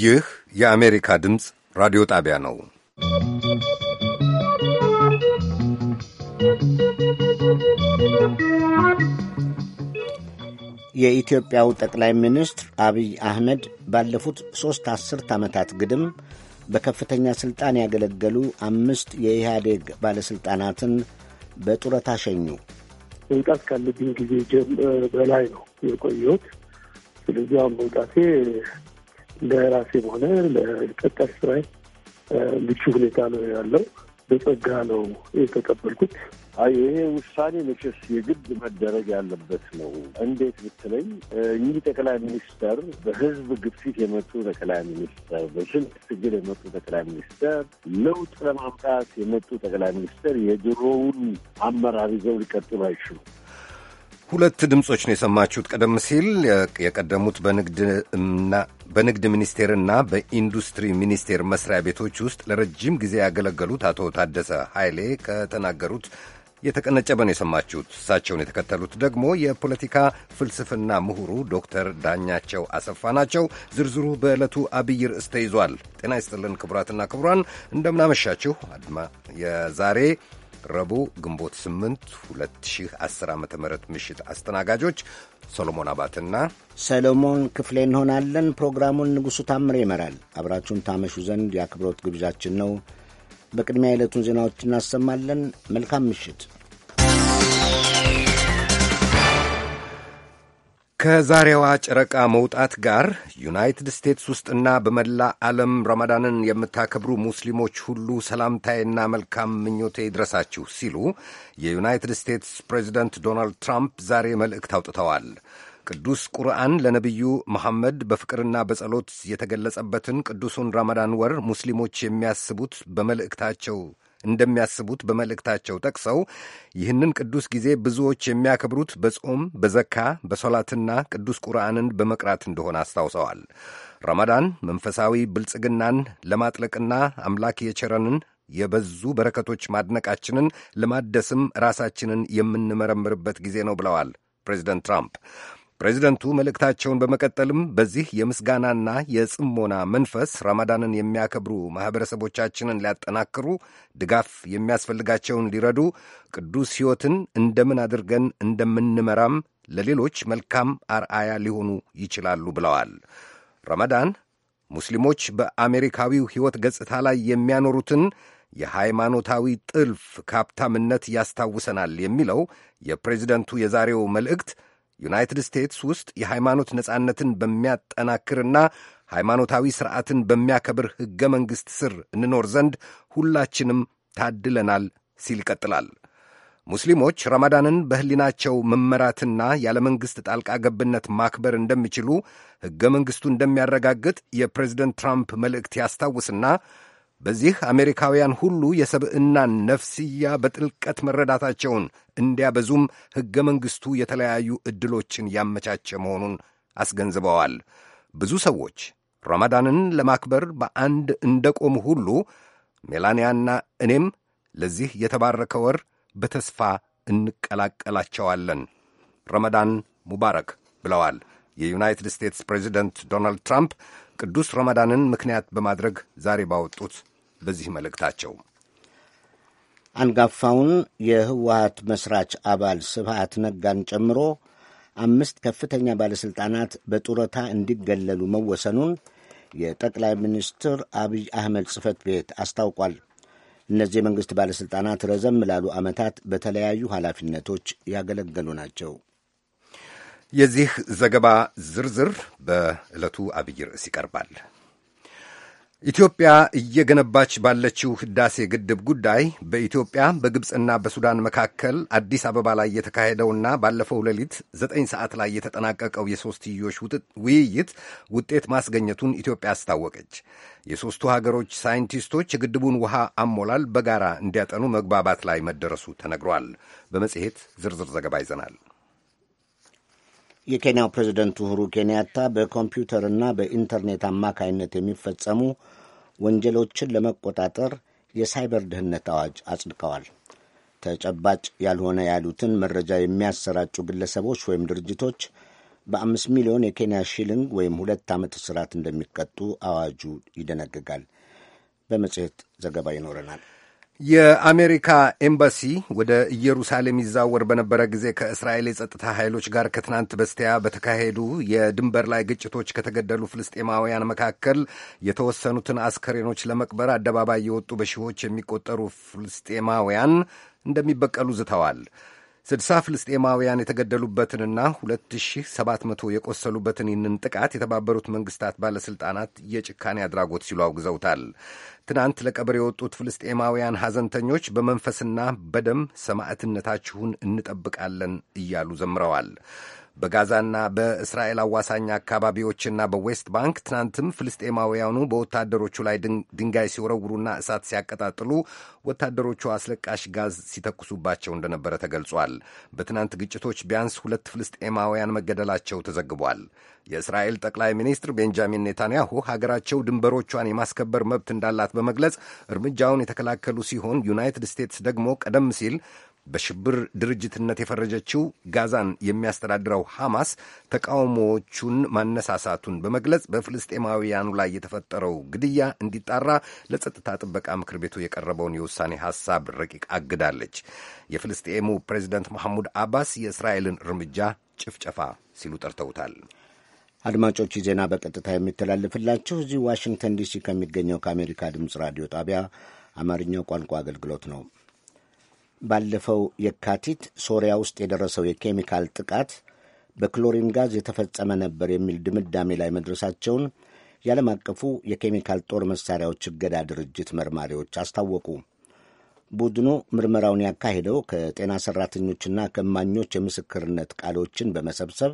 ይህ የአሜሪካ ድምፅ ራዲዮ ጣቢያ ነው። የኢትዮጵያው ጠቅላይ ሚኒስትር አብይ አህመድ ባለፉት ሦስት አስርት ዓመታት ግድም በከፍተኛ ሥልጣን ያገለገሉ አምስት የኢህአዴግ ባለሥልጣናትን በጡረታ ሸኙ። መውጣት ካለብኝ ጊዜ በላይ ነው የቆየሁት። ስለዚህ አሁን መውጣቴ ለራሴም ሆነ ለቀጣይ ስራዬ ምቹ ሁኔታ ነው ያለው። በጸጋ ነው የተቀበልኩት። ይሄ ውሳኔ መቼስ የግድ መደረግ ያለበት ነው። እንዴት ብትለኝ እኚህ ጠቅላይ ሚኒስተር በህዝብ ግፊት የመጡ ጠቅላይ ሚኒስተር፣ በስልክ ትግል የመጡ ጠቅላይ ሚኒስተር፣ ለውጥ ለማምጣት የመጡ ጠቅላይ ሚኒስተር የድሮውን አመራር ይዘው ሊቀጥሉ አይችሉም። ሁለት ድምፆች ነው የሰማችሁት። ቀደም ሲል የቀደሙት በንግድ ሚኒስቴርና በኢንዱስትሪ ሚኒስቴር መስሪያ ቤቶች ውስጥ ለረጅም ጊዜ ያገለገሉት አቶ ታደሰ ኃይሌ ከተናገሩት የተቀነጨበ ነው የሰማችሁት። እሳቸውን የተከተሉት ደግሞ የፖለቲካ ፍልስፍና ምሁሩ ዶክተር ዳኛቸው አሰፋ ናቸው። ዝርዝሩ በዕለቱ አብይ ርዕስ ተይዟል። ጤና ይስጥልን ክቡራትና ክቡራን፣ እንደምናመሻችሁ አድማ የዛሬ ረቡዕ ግንቦት 8 2010 ዓ ም ምሽት አስተናጋጆች ሰሎሞን አባትና ሰሎሞን ክፍሌ እንሆናለን። ፕሮግራሙን ንጉሡ ታምሬ ይመራል። አብራችሁን ታመሹ ዘንድ የአክብሮት ግብዣችን ነው። በቅድሚያ የዕለቱን ዜናዎች እናሰማለን። መልካም ምሽት። ከዛሬዋ ጨረቃ መውጣት ጋር ዩናይትድ ስቴትስ ውስጥና በመላ ዓለም ረመዳንን የምታከብሩ ሙስሊሞች ሁሉ ሰላምታዬና መልካም ምኞቴ ይድረሳችሁ ሲሉ የዩናይትድ ስቴትስ ፕሬዚደንት ዶናልድ ትራምፕ ዛሬ መልእክት አውጥተዋል። ቅዱስ ቁርአን ለነቢዩ መሐመድ በፍቅርና በጸሎት የተገለጸበትን ቅዱሱን ረመዳን ወር ሙስሊሞች የሚያስቡት በመልእክታቸው እንደሚያስቡት በመልእክታቸው ጠቅሰው ይህንን ቅዱስ ጊዜ ብዙዎች የሚያከብሩት በጾም በዘካ በሶላትና ቅዱስ ቁርአንን በመቅራት እንደሆነ አስታውሰዋል። ረመዳን መንፈሳዊ ብልጽግናን ለማጥለቅና አምላክ የቸረንን የበዙ በረከቶች ማድነቃችንን ለማደስም ራሳችንን የምንመረምርበት ጊዜ ነው ብለዋል ፕሬዚደንት ትራምፕ ፕሬዚደንቱ መልእክታቸውን በመቀጠልም በዚህ የምስጋናና የጽሞና መንፈስ ረማዳንን የሚያከብሩ ማኅበረሰቦቻችንን ሊያጠናክሩ ድጋፍ የሚያስፈልጋቸውን ሊረዱ ቅዱስ ሕይወትን እንደምን አድርገን እንደምንመራም ለሌሎች መልካም አርአያ ሊሆኑ ይችላሉ ብለዋል። ረመዳን ሙስሊሞች በአሜሪካዊው ሕይወት ገጽታ ላይ የሚያኖሩትን የሃይማኖታዊ ጥልፍ ካፕታምነት ያስታውሰናል የሚለው የፕሬዚደንቱ የዛሬው መልእክት ዩናይትድ ስቴትስ ውስጥ የሃይማኖት ነጻነትን በሚያጠናክርና ሃይማኖታዊ ስርዓትን በሚያከብር ሕገ መንግሥት ስር እንኖር ዘንድ ሁላችንም ታድለናል ሲል ይቀጥላል። ሙስሊሞች ረማዳንን በሕሊናቸው መመራትና ያለ መንግሥት ጣልቃ ገብነት ማክበር እንደሚችሉ ሕገ መንግሥቱ እንደሚያረጋግጥ የፕሬዝደንት ትራምፕ መልእክት ያስታውስና በዚህ አሜሪካውያን ሁሉ የሰብዕናን ነፍስያ በጥልቀት መረዳታቸውን እንዲያበዙም ሕገ መንግሥቱ የተለያዩ ዕድሎችን ያመቻቸ መሆኑን አስገንዝበዋል። ብዙ ሰዎች ረማዳንን ለማክበር በአንድ እንደ ቆሙ ሁሉ ሜላንያና እኔም ለዚህ የተባረከ ወር በተስፋ እንቀላቀላቸዋለን። ረመዳን ሙባረክ ብለዋል የዩናይትድ ስቴትስ ፕሬዚደንት ዶናልድ ትራምፕ ቅዱስ ረመዳንን ምክንያት በማድረግ ዛሬ ባወጡት በዚህ መልእክታቸው አንጋፋውን የህወሀት መስራች አባል ስብሃት ነጋን ጨምሮ አምስት ከፍተኛ ባለሥልጣናት በጡረታ እንዲገለሉ መወሰኑን የጠቅላይ ሚኒስትር አብይ አህመድ ጽህፈት ቤት አስታውቋል። እነዚህ የመንግሥት ባለሥልጣናት ረዘም ላሉ ዓመታት በተለያዩ ኃላፊነቶች ያገለገሉ ናቸው። የዚህ ዘገባ ዝርዝር በዕለቱ አብይ ርዕስ ይቀርባል። ኢትዮጵያ እየገነባች ባለችው ህዳሴ ግድብ ጉዳይ በኢትዮጵያ በግብፅና በሱዳን መካከል አዲስ አበባ ላይ የተካሄደውና ባለፈው ሌሊት ዘጠኝ ሰዓት ላይ የተጠናቀቀው የሦስትዮሽ ውይይት ውጤት ማስገኘቱን ኢትዮጵያ አስታወቀች። የሦስቱ ሀገሮች ሳይንቲስቶች የግድቡን ውሃ አሞላል በጋራ እንዲያጠኑ መግባባት ላይ መደረሱ ተነግሯል። በመጽሔት ዝርዝር ዘገባ ይዘናል። የኬንያው ፕሬዝደንት ኡሁሩ ኬንያታ በኮምፒውተርና በኢንተርኔት አማካይነት የሚፈጸሙ ወንጀሎችን ለመቆጣጠር የሳይበር ደህንነት አዋጅ አጽድቀዋል። ተጨባጭ ያልሆነ ያሉትን መረጃ የሚያሰራጩ ግለሰቦች ወይም ድርጅቶች በአምስት ሚሊዮን የኬንያ ሺሊንግ ወይም ሁለት ዓመት እስራት እንደሚቀጡ አዋጁ ይደነግጋል። በመጽሔት ዘገባ ይኖረናል። የአሜሪካ ኤምባሲ ወደ ኢየሩሳሌም ይዛወር በነበረ ጊዜ ከእስራኤል የጸጥታ ኃይሎች ጋር ከትናንት በስቲያ በተካሄዱ የድንበር ላይ ግጭቶች ከተገደሉ ፍልስጤማውያን መካከል የተወሰኑትን አስከሬኖች ለመቅበር አደባባይ የወጡ በሺዎች የሚቆጠሩ ፍልስጤማውያን እንደሚበቀሉ ዝተዋል። ስድሳ ፍልስጤማውያን የተገደሉበትንና መቶ የቆሰሉበትን ይህንን ጥቃት የተባበሩት መንግስታት ባለሥልጣናት የጭካኔ አድራጎት ሲሉ አውግዘውታል። ትናንት ለቀብር የወጡት ፍልስጤማውያን ሐዘንተኞች በመንፈስና በደም ሰማዕትነታችሁን እንጠብቃለን እያሉ ዘምረዋል። በጋዛና በእስራኤል አዋሳኝ አካባቢዎችና በዌስት ባንክ ትናንትም ፍልስጤማውያኑ በወታደሮቹ ላይ ድንጋይ ሲወረውሩና እሳት ሲያቀጣጥሉ ወታደሮቹ አስለቃሽ ጋዝ ሲተኩሱባቸው እንደነበረ ተገልጿል። በትናንት ግጭቶች ቢያንስ ሁለት ፍልስጤማውያን መገደላቸው ተዘግቧል። የእስራኤል ጠቅላይ ሚኒስትር ቤንጃሚን ኔታንያሁ ሀገራቸው ድንበሮቿን የማስከበር መብት እንዳላት በመግለጽ እርምጃውን የተከላከሉ ሲሆን ዩናይትድ ስቴትስ ደግሞ ቀደም ሲል በሽብር ድርጅትነት የፈረጀችው ጋዛን የሚያስተዳድረው ሐማስ ተቃውሞዎቹን ማነሳሳቱን በመግለጽ በፍልስጤማውያኑ ላይ የተፈጠረው ግድያ እንዲጣራ ለጸጥታ ጥበቃ ምክር ቤቱ የቀረበውን የውሳኔ ሐሳብ ረቂቅ አግዳለች። የፍልስጤሙ ፕሬዚደንት መሐሙድ አባስ የእስራኤልን እርምጃ ጭፍጨፋ ሲሉ ጠርተውታል። አድማጮች ዜና በቀጥታ የሚተላልፍላችሁ እዚህ ዋሽንግተን ዲሲ ከሚገኘው ከአሜሪካ ድምፅ ራዲዮ ጣቢያ አማርኛው ቋንቋ አገልግሎት ነው። ባለፈው የካቲት ሶሪያ ውስጥ የደረሰው የኬሚካል ጥቃት በክሎሪን ጋዝ የተፈጸመ ነበር የሚል ድምዳሜ ላይ መድረሳቸውን የዓለም አቀፉ የኬሚካል ጦር መሳሪያዎች እገዳ ድርጅት መርማሪዎች አስታወቁ። ቡድኑ ምርመራውን ያካሄደው ከጤና ሠራተኞችና ከማኞች የምስክርነት ቃሎችን በመሰብሰብ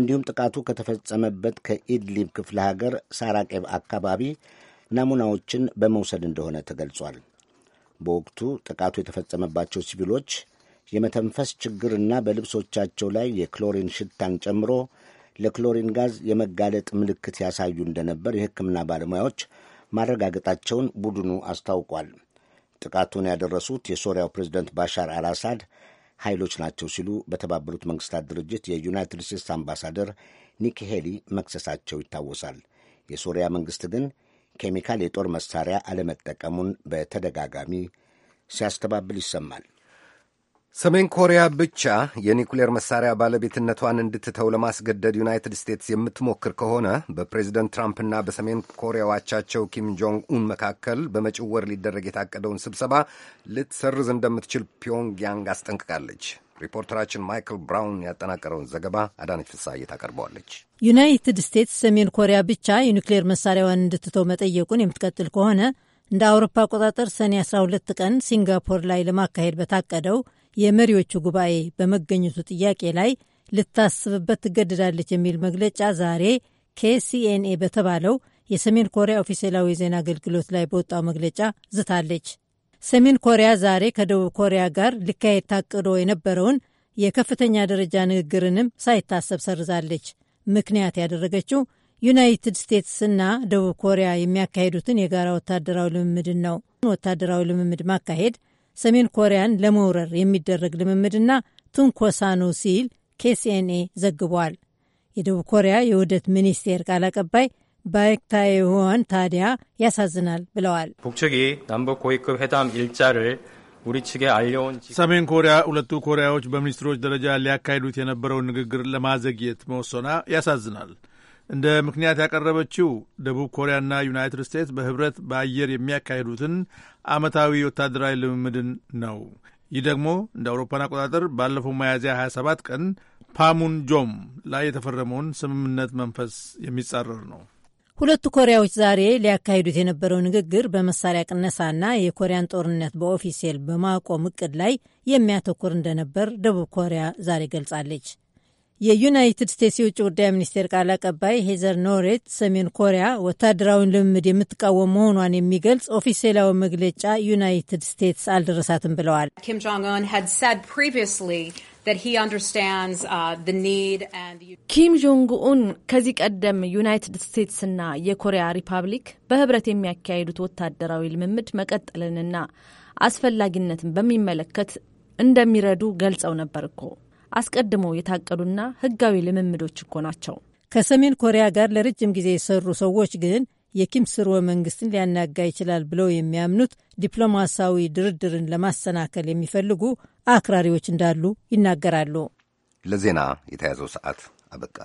እንዲሁም ጥቃቱ ከተፈጸመበት ከኢድሊብ ክፍለ ሀገር ሳራቄብ አካባቢ ናሙናዎችን በመውሰድ እንደሆነ ተገልጿል። በወቅቱ ጥቃቱ የተፈጸመባቸው ሲቪሎች የመተንፈስ ችግርና በልብሶቻቸው ላይ የክሎሪን ሽታን ጨምሮ ለክሎሪን ጋዝ የመጋለጥ ምልክት ያሳዩ እንደነበር የሕክምና ባለሙያዎች ማረጋገጣቸውን ቡድኑ አስታውቋል። ጥቃቱን ያደረሱት የሶሪያው ፕሬዝደንት ባሻር አልአሳድ ኃይሎች ናቸው ሲሉ በተባበሩት መንግስታት ድርጅት የዩናይትድ ስቴትስ አምባሳደር ኒኪ ሄሊ መክሰሳቸው ይታወሳል። የሶሪያ መንግስት ግን ኬሚካል የጦር መሳሪያ አለመጠቀሙን በተደጋጋሚ ሲያስተባብል ይሰማል። ሰሜን ኮሪያ ብቻ የኒውክሌር መሳሪያ ባለቤትነቷን እንድትተው ለማስገደድ ዩናይትድ ስቴትስ የምትሞክር ከሆነ በፕሬዚደንት ትራምፕና በሰሜን ኮሪያው አቻቸው ኪም ጆንግ ኡን መካከል በመጪው ወር ሊደረግ የታቀደውን ስብሰባ ልትሰርዝ እንደምትችል ፒዮንግያንግ አስጠንቅቃለች። ሪፖርተራችን ማይክል ብራውን ያጠናቀረውን ዘገባ አዳነች ፍስሐ ታቀርበዋለች። ዩናይትድ ስቴትስ ሰሜን ኮሪያ ብቻ የኒውክሌር መሳሪያዋን እንድትተው መጠየቁን የምትቀጥል ከሆነ እንደ አውሮፓ አቆጣጠር ሰኔ 12 ቀን ሲንጋፖር ላይ ለማካሄድ በታቀደው የመሪዎቹ ጉባኤ በመገኘቱ ጥያቄ ላይ ልታስብበት ትገድዳለች የሚል መግለጫ ዛሬ ኬሲኤንኤ በተባለው የሰሜን ኮሪያ ኦፊሴላዊ የዜና አገልግሎት ላይ በወጣው መግለጫ ዝታለች። ሰሜን ኮሪያ ዛሬ ከደቡብ ኮሪያ ጋር ሊካሄድ ታቅዶ የነበረውን የከፍተኛ ደረጃ ንግግርንም ሳይታሰብ ሰርዛለች። ምክንያት ያደረገችው ዩናይትድ ስቴትስና ደቡብ ኮሪያ የሚያካሄዱትን የጋራ ወታደራዊ ልምምድን ነው። ወታደራዊ ልምምድ ማካሄድ ሰሜን ኮሪያን ለመውረር የሚደረግ ልምምድና ትንኮሳ ነው ሲል ኬሲኤንኤ ዘግቧል። የደቡብ ኮሪያ የውህደት ሚኒስቴር ቃል አቀባይ ባይክታ የሆን ታዲያ ያሳዝናል ብለዋል። 북측이 남북 고위급 회담 일자를 우리 측에 알려온 ሰሜን ኮሪያ ሁለቱ ኮሪያዎች በሚኒስትሮች ደረጃ ሊያካሂዱት የነበረውን ንግግር ለማዘግየት መወሰኗ ያሳዝናል። እንደ ምክንያት ያቀረበችው ደቡብ ኮሪያና ዩናይትድ ስቴትስ በህብረት በአየር የሚያካሂዱትን ዓመታዊ ወታደራዊ ልምምድን ነው። ይህ ደግሞ እንደ አውሮፓን አቆጣጠር ባለፈው ሚያዝያ 27 ቀን ፓሙንጆም ላይ የተፈረመውን ስምምነት መንፈስ የሚጻረር ነው። ሁለቱ ኮሪያዎች ዛሬ ሊያካሂዱት የነበረው ንግግር በመሳሪያ ቅነሳና የኮሪያን ጦርነት በኦፊሴል በማቆም እቅድ ላይ የሚያተኩር እንደነበር ደቡብ ኮሪያ ዛሬ ገልጻለች። የዩናይትድ ስቴትስ የውጭ ጉዳይ ሚኒስቴር ቃል አቀባይ ሄዘር ኖሬት ሰሜን ኮሪያ ወታደራዊን ልምምድ የምትቃወም መሆኗን የሚገልጽ ኦፊሴላዊ መግለጫ ዩናይትድ ስቴትስ አልደረሳትም ብለዋል። ኪም ጆንግ ኡን ከዚህ ቀደም ዩናይትድ ስቴትስና የኮሪያ ሪፐብሊክ በህብረት የሚያካሄዱት ወታደራዊ ልምምድ መቀጠልንና አስፈላጊነትን በሚመለከት እንደሚረዱ ገልጸው ነበር እኮ። አስቀድመው የታቀዱና ህጋዊ ልምምዶች እኮ ናቸው። ከሰሜን ኮሪያ ጋር ለረጅም ጊዜ የሰሩ ሰዎች ግን የኪም ስርወ መንግስትን ሊያናጋ ይችላል ብለው የሚያምኑት ዲፕሎማሲያዊ ድርድርን ለማሰናከል የሚፈልጉ አክራሪዎች እንዳሉ ይናገራሉ። ለዜና የተያዘው ሰዓት አበቃ።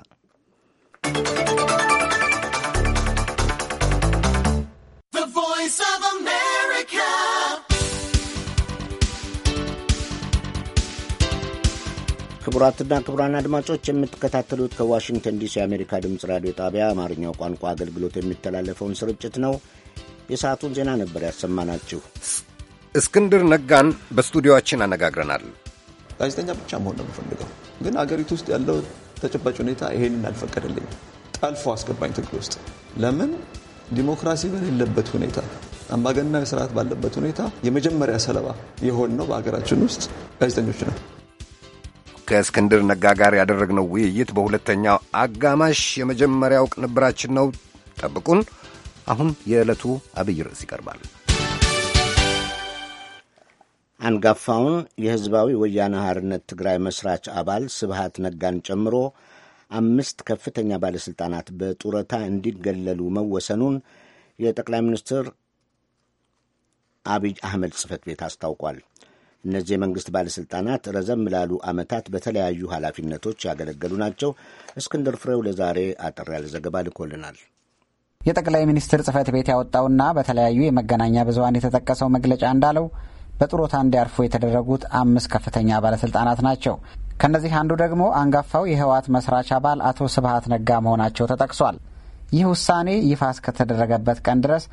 ክቡራትና ክቡራን አድማጮች የምትከታተሉት ከዋሽንግተን ዲሲ የአሜሪካ ድምፅ ራዲዮ ጣቢያ አማርኛው ቋንቋ አገልግሎት የሚተላለፈውን ስርጭት ነው። የሰዓቱን ዜና ነበር ያሰማናችሁ። እስክንድር ነጋን በስቱዲዮችን አነጋግረናል። ጋዜጠኛ ብቻ መሆን ነው የምፈልገው፣ ግን አገሪቱ ውስጥ ያለው ተጨባጭ ሁኔታ ይሄንን አልፈቀደልኝ። ጠልፎ አስገባኝ ትግል ውስጥ። ለምን ዲሞክራሲ በሌለበት ሁኔታ፣ አምባገነናዊ ስርዓት ባለበት ሁኔታ የመጀመሪያ ሰለባ የሆን ነው በሀገራችን ውስጥ ጋዜጠኞች ነው። ከእስክንድር ነጋ ጋር ያደረግነው ውይይት በሁለተኛው አጋማሽ የመጀመሪያው ቅንብራችን ነው። ጠብቁን። አሁን የዕለቱ አብይ ርዕስ ይቀርባል። አንጋፋውን የሕዝባዊ ወያነ ሀርነት ትግራይ መስራች አባል ስብሃት ነጋን ጨምሮ አምስት ከፍተኛ ባለሥልጣናት በጡረታ እንዲገለሉ መወሰኑን የጠቅላይ ሚኒስትር አብይ አህመድ ጽህፈት ቤት አስታውቋል። እነዚህ የመንግሥት ባለሥልጣናት ረዘም ላሉ ዓመታት በተለያዩ ኃላፊነቶች ያገለገሉ ናቸው። እስክንድር ፍሬው ለዛሬ አጠር ያለ ዘገባ ልኮልናል። የጠቅላይ ሚኒስትር ጽህፈት ቤት ያወጣውና በተለያዩ የመገናኛ ብዙሃን የተጠቀሰው መግለጫ እንዳለው በጥሮታ እንዲያርፉ የተደረጉት አምስት ከፍተኛ ባለስልጣናት ናቸው። ከእነዚህ አንዱ ደግሞ አንጋፋው የህወሓት መስራች አባል አቶ ስብሀት ነጋ መሆናቸው ተጠቅሷል። ይህ ውሳኔ ይፋ እስከተደረገበት ቀን ድረስ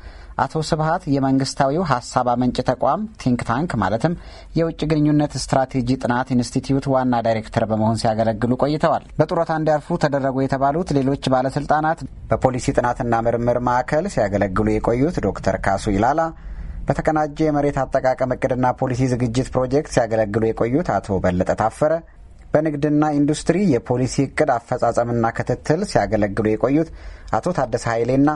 አቶ ስብሀት የመንግስታዊው ሀሳብ አመንጭ ተቋም ቲንክ ታንክ ማለትም የውጭ ግንኙነት ስትራቴጂ ጥናት ኢንስቲትዩት ዋና ዳይሬክተር በመሆን ሲያገለግሉ ቆይተዋል። በጡረታ እንዲያርፉ ተደረጉ የተባሉት ሌሎች ባለስልጣናት በፖሊሲ ጥናትና ምርምር ማዕከል ሲያገለግሉ የቆዩት ዶክተር ካሱ ይላላ በተቀናጀ የመሬት አጠቃቀም እቅድና ፖሊሲ ዝግጅት ፕሮጀክት ሲያገለግሉ የቆዩት አቶ በለጠ ታፈረ፣ በንግድና ኢንዱስትሪ የፖሊሲ እቅድ አፈጻጸምና ክትትል ሲያገለግሉ የቆዩት አቶ ታደሰ ኃይሌና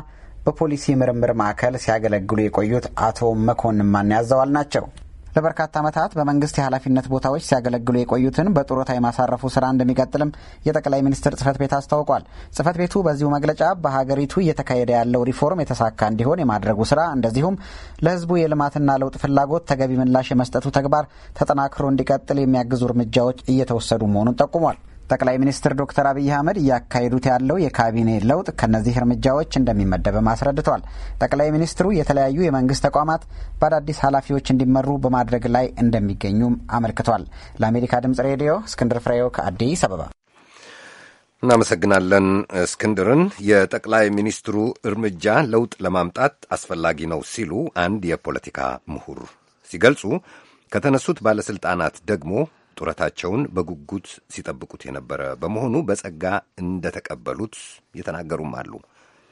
በፖሊሲ ምርምር ማዕከል ሲያገለግሉ የቆዩት አቶ መኮንን ማን ያዘዋል ናቸው። ለበርካታ ዓመታት በመንግስት የኃላፊነት ቦታዎች ሲያገለግሉ የቆዩትን በጡረታ የማሳረፉ ስራ እንደሚቀጥልም የጠቅላይ ሚኒስትር ጽህፈት ቤት አስታውቋል። ጽህፈት ቤቱ በዚሁ መግለጫ በሀገሪቱ እየተካሄደ ያለው ሪፎርም የተሳካ እንዲሆን የማድረጉ ስራ እንደዚሁም ለህዝቡ የልማትና ለውጥ ፍላጎት ተገቢ ምላሽ የመስጠቱ ተግባር ተጠናክሮ እንዲቀጥል የሚያግዙ እርምጃዎች እየተወሰዱ መሆኑን ጠቁሟል። ጠቅላይ ሚኒስትር ዶክተር አብይ አህመድ እያካሄዱት ያለው የካቢኔ ለውጥ ከእነዚህ እርምጃዎች እንደሚመደብም አስረድተዋል። ጠቅላይ ሚኒስትሩ የተለያዩ የመንግስት ተቋማት በአዳዲስ ኃላፊዎች እንዲመሩ በማድረግ ላይ እንደሚገኙም አመልክቷል። ለአሜሪካ ድምጽ ሬዲዮ እስክንድር ፍሬው ከአዲስ አበባ እናመሰግናለን። እስክንድርን የጠቅላይ ሚኒስትሩ እርምጃ ለውጥ ለማምጣት አስፈላጊ ነው ሲሉ አንድ የፖለቲካ ምሁር ሲገልጹ ከተነሱት ባለሥልጣናት ደግሞ ጡረታቸውን በጉጉት ሲጠብቁት የነበረ በመሆኑ በጸጋ እንደተቀበሉት የተናገሩም አሉ።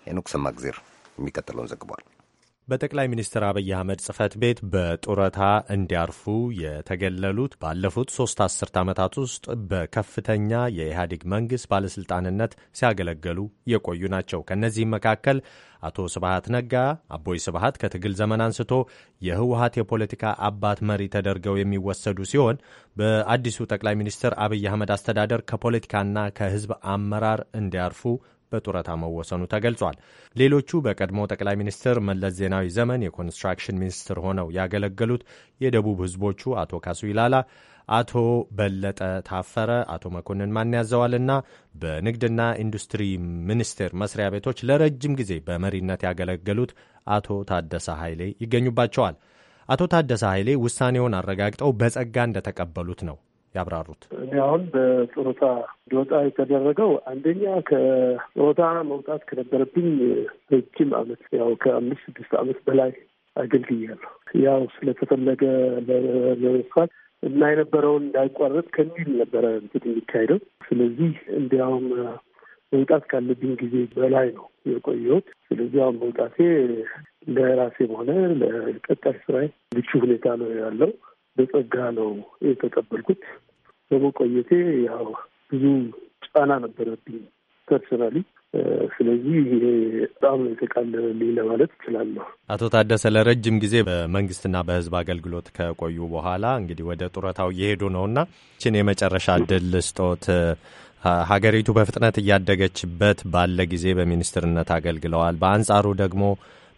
ሄኖክ ሰማግዜር የሚከተለውን ዘግቧል። በጠቅላይ ሚኒስትር አብይ አህመድ ጽህፈት ቤት በጡረታ እንዲያርፉ የተገለሉት ባለፉት ሶስት አስርት ዓመታት ውስጥ በከፍተኛ የኢህአዴግ መንግሥት ባለሥልጣንነት ሲያገለገሉ የቆዩ ናቸው። ከእነዚህም መካከል አቶ ስብሃት ነጋ፣ አቦይ ስብሃት ከትግል ዘመን አንስቶ የህወሀት የፖለቲካ አባት መሪ ተደርገው የሚወሰዱ ሲሆን በአዲሱ ጠቅላይ ሚኒስትር አብይ አህመድ አስተዳደር ከፖለቲካና ከህዝብ አመራር እንዲያርፉ በጡረታ መወሰኑ ተገልጿል። ሌሎቹ በቀድሞ ጠቅላይ ሚኒስትር መለስ ዜናዊ ዘመን የኮንስትራክሽን ሚኒስትር ሆነው ያገለገሉት የደቡብ ህዝቦቹ አቶ ካሱ ይላላ፣ አቶ በለጠ ታፈረ፣ አቶ መኮንን ማን ያዘዋልና በንግድና ኢንዱስትሪ ሚኒስቴር መስሪያ ቤቶች ለረጅም ጊዜ በመሪነት ያገለገሉት አቶ ታደሰ ኃይሌ ይገኙባቸዋል። አቶ ታደሰ ኃይሌ ውሳኔውን አረጋግጠው በጸጋ እንደተቀበሉት ነው ያብራሩት። እኔ አሁን በጡረታ እንዲወጣ የተደረገው አንደኛ ከጡረታ መውጣት ከነበረብኝ ረጅም አመት ያው ከአምስት ስድስት አመት በላይ አገልግያለሁ። ያው ስለተፈለገ ለመስፋት እና የነበረውን እንዳይቋረጥ ከሚል ነበረ እንትን የሚካሄደው። ስለዚህ እንዲያውም መውጣት ካለብኝ ጊዜ በላይ ነው የቆየሁት። ስለዚህ አሁን መውጣቴ ለራሴም ሆነ ለቀጣይ ስራዬ ምቹ ሁኔታ ነው ያለው። በጸጋ ነው የተቀበልኩት። በመቆየቴ ያው ብዙ ጫና ነበረብኝ ፐርሰናሊ። ስለዚህ ይሄ በጣም ነው የተቃለለልኝ ለማለት እችላለሁ። አቶ ታደሰ ለረጅም ጊዜ በመንግስትና በህዝብ አገልግሎት ከቆዩ በኋላ እንግዲህ ወደ ጡረታው እየሄዱ ነውና ችን የመጨረሻ እድል ስጦት ሀገሪቱ በፍጥነት እያደገችበት ባለ ጊዜ በሚኒስትርነት አገልግለዋል። በአንጻሩ ደግሞ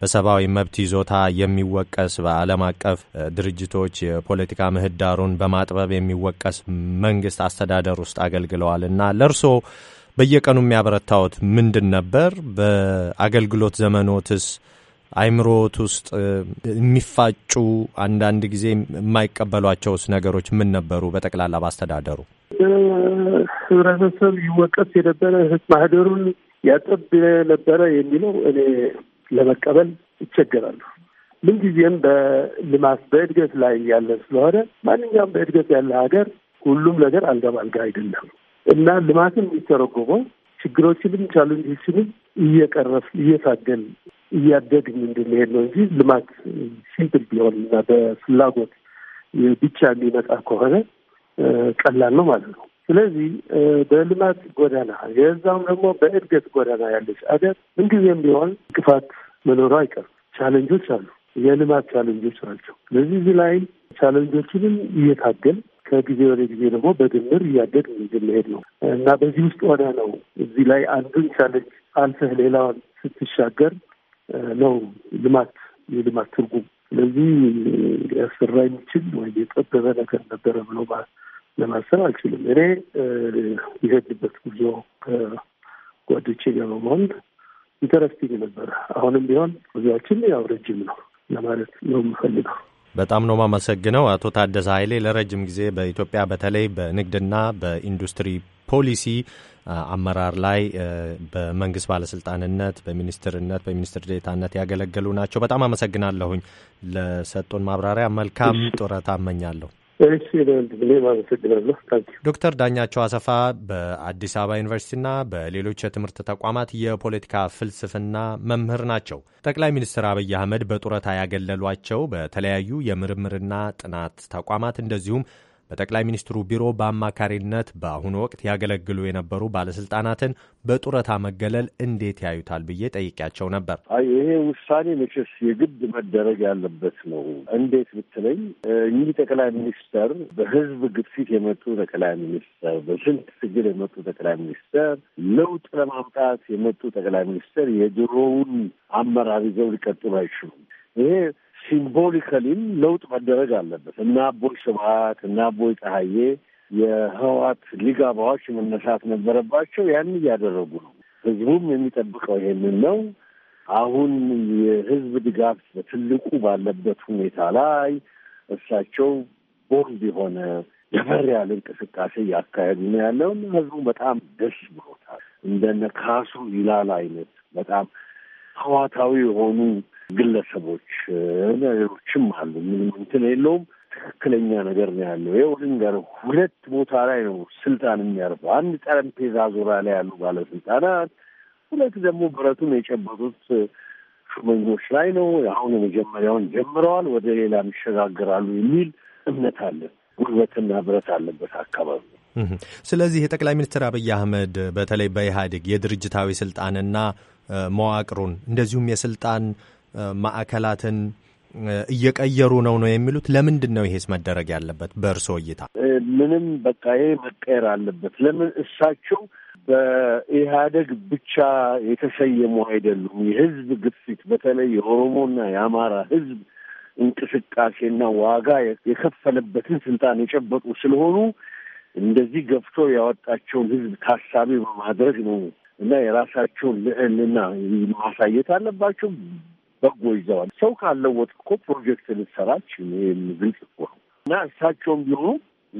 በሰብአዊ መብት ይዞታ የሚወቀስ በዓለም አቀፍ ድርጅቶች የፖለቲካ ምህዳሩን በማጥበብ የሚወቀስ መንግስት አስተዳደር ውስጥ አገልግለዋል እና ለእርስዎ በየቀኑ የሚያበረታዎት ምንድን ነበር? በአገልግሎት ዘመኖትስ አይምሮት ውስጥ የሚፋጩ አንዳንድ ጊዜ የማይቀበሏቸውስ ነገሮች ምን ነበሩ? በጠቅላላ ባስተዳደሩ ህብረተሰብ ይወቀስ የነበረ ማህደሩን ያጠብ ነበረ የሚለው እኔ ለመቀበል ይቸገራሉ። ምንጊዜም በልማት በእድገት ላይ ያለ ስለሆነ ማንኛውም በእድገት ያለ ሀገር ሁሉም ነገር አልጋ ባልጋ አይደለም እና ልማትን የሚተረጎመው ችግሮችንም ቻሌንጆችንም እየቀረፍ እየታገል እያደግን እንድንሄድ ነው እንጂ ልማት ሲምፕል ቢሆን እና በፍላጎት ብቻ የሚመጣ ከሆነ ቀላል ነው ማለት ነው። ስለዚህ በልማት ጎዳና የዛም ደግሞ በእድገት ጎዳና ያለች አገር ምንጊዜም ቢሆን እንቅፋት መኖሩ አይቀርም። ቻለንጆች አሉ፣ የልማት ቻለንጆች ናቸው። ስለዚህ እዚህ ላይ ቻለንጆችንም እየታገል ከጊዜ ወደ ጊዜ ደግሞ በድምር እያደግ መሄድ ነው እና በዚህ ውስጥ ሆነ ነው እዚህ ላይ አንዱን ቻለንጅ አልፈህ ሌላውን ስትሻገር ነው ልማት የልማት ትርጉም። ስለዚህ ሊያሰራ የሚችል ወይ የጠበበ ነገር ነበረ ብሎ ለማሰብ አልችልም። እኔ የሄድበት ጉዞ ከጓዶቼ ጋር በመሆን ኢንተረስቲንግ ነበረ አሁንም ቢሆን ጉዞያችን ያው ረጅም ነው ለማለት ነው የምፈልገው። በጣም ነው ማመሰግነው አቶ ታደሰ ኃይሌ ለረጅም ጊዜ በኢትዮጵያ በተለይ በንግድና በኢንዱስትሪ ፖሊሲ አመራር ላይ በመንግስት ባለስልጣንነት፣ በሚኒስትርነት፣ በሚኒስትር ዴታነት ያገለገሉ ናቸው። በጣም አመሰግናለሁኝ ለሰጡን ማብራሪያ። መልካም ጡረታ እመኛለሁ። እሺ አመሰግናለሁ። ዶክተር ዳኛቸው አሰፋ በአዲስ አበባ ዩኒቨርሲቲና በሌሎች የትምህርት ተቋማት የፖለቲካ ፍልስፍና መምህር ናቸው። ጠቅላይ ሚኒስትር አብይ አህመድ በጡረታ ያገለሏቸው በተለያዩ የምርምርና ጥናት ተቋማት እንደዚሁም በጠቅላይ ሚኒስትሩ ቢሮ በአማካሪነት በአሁኑ ወቅት ያገለግሉ የነበሩ ባለስልጣናትን በጡረታ መገለል እንዴት ያዩታል ብዬ ጠይቄያቸው ነበር። ይሄ ውሳኔ መቼስ የግድ መደረግ ያለበት ነው። እንዴት ብትለኝ እኚህ ጠቅላይ ሚኒስተር በህዝብ ግፊት የመጡ ጠቅላይ ሚኒስተር፣ በስንት ትግል የመጡ ጠቅላይ ሚኒስተር፣ ለውጥ ለማምጣት የመጡ ጠቅላይ ሚኒስተር የድሮውን አመራር ይዘው ሊቀጥሉ አይችሉም። ይሄ ሲምቦሊካሊም ለውጥ መደረግ አለበት እና አቦይ ስብሀት እና አቦይ ፀሐዬ የህወሓት ሊግ አባዎች መነሳት ነበረባቸው። ያን እያደረጉ ነው። ህዝቡም የሚጠብቀው ይሄንን ነው። አሁን የህዝብ ድጋፍ በትልቁ ባለበት ሁኔታ ላይ እሳቸው ቦልድ የሆነ የበር ያለ እንቅስቃሴ እያካሄዱ ነው ያለውን ህዝቡ በጣም ደስ ብሎታል። እንደነ ካሱ ይላል አይነት በጣም ሐዋታዊ የሆኑ ግለሰቦች ነገሮችም አሉ። ምንም እንትን የለውም። ትክክለኛ ነገር ነው ያለው። ይኸው ልንገርህ፣ ሁለት ቦታ ላይ ነው ስልጣን የሚያርፈው። አንድ ጠረጴዛ ዙሪያ ላይ ያሉ ባለስልጣናት፣ ሁለት ደግሞ ብረቱን የጨበጡት ሹመኞች ላይ ነው። አሁን የመጀመሪያውን ጀምረዋል፣ ወደ ሌላ ይሸጋግራሉ የሚል እምነት አለ። ጉልበትና ብረት አለበት አካባቢ ስለዚህ የጠቅላይ ሚኒስትር አብይ አህመድ በተለይ በኢህአዴግ የድርጅታዊ ስልጣንና መዋቅሩን እንደዚሁም የስልጣን ማዕከላትን እየቀየሩ ነው ነው የሚሉት። ለምንድን ነው ይሄስ መደረግ ያለበት በእርስዎ እይታ? ምንም በቃ ይሄ መቀየር አለበት። ለምን እሳቸው በኢህአደግ ብቻ የተሰየሙ አይደሉም። የህዝብ ግፊት በተለይ የኦሮሞና የአማራ ህዝብ እንቅስቃሴና ዋጋ የከፈለበትን ስልጣን የጨበጡ ስለሆኑ እንደዚህ ገፍቶ ያወጣቸውን ህዝብ ታሳቢ በማድረግ ነው እና የራሳቸውን ልዕልና ማሳየት አለባቸው። በጎ ይዘዋል። ሰው ካለወጥ እኮ ፕሮጀክት ልትሰራች ግልጽ እኮ ነው እና እሳቸውም ቢሆኑ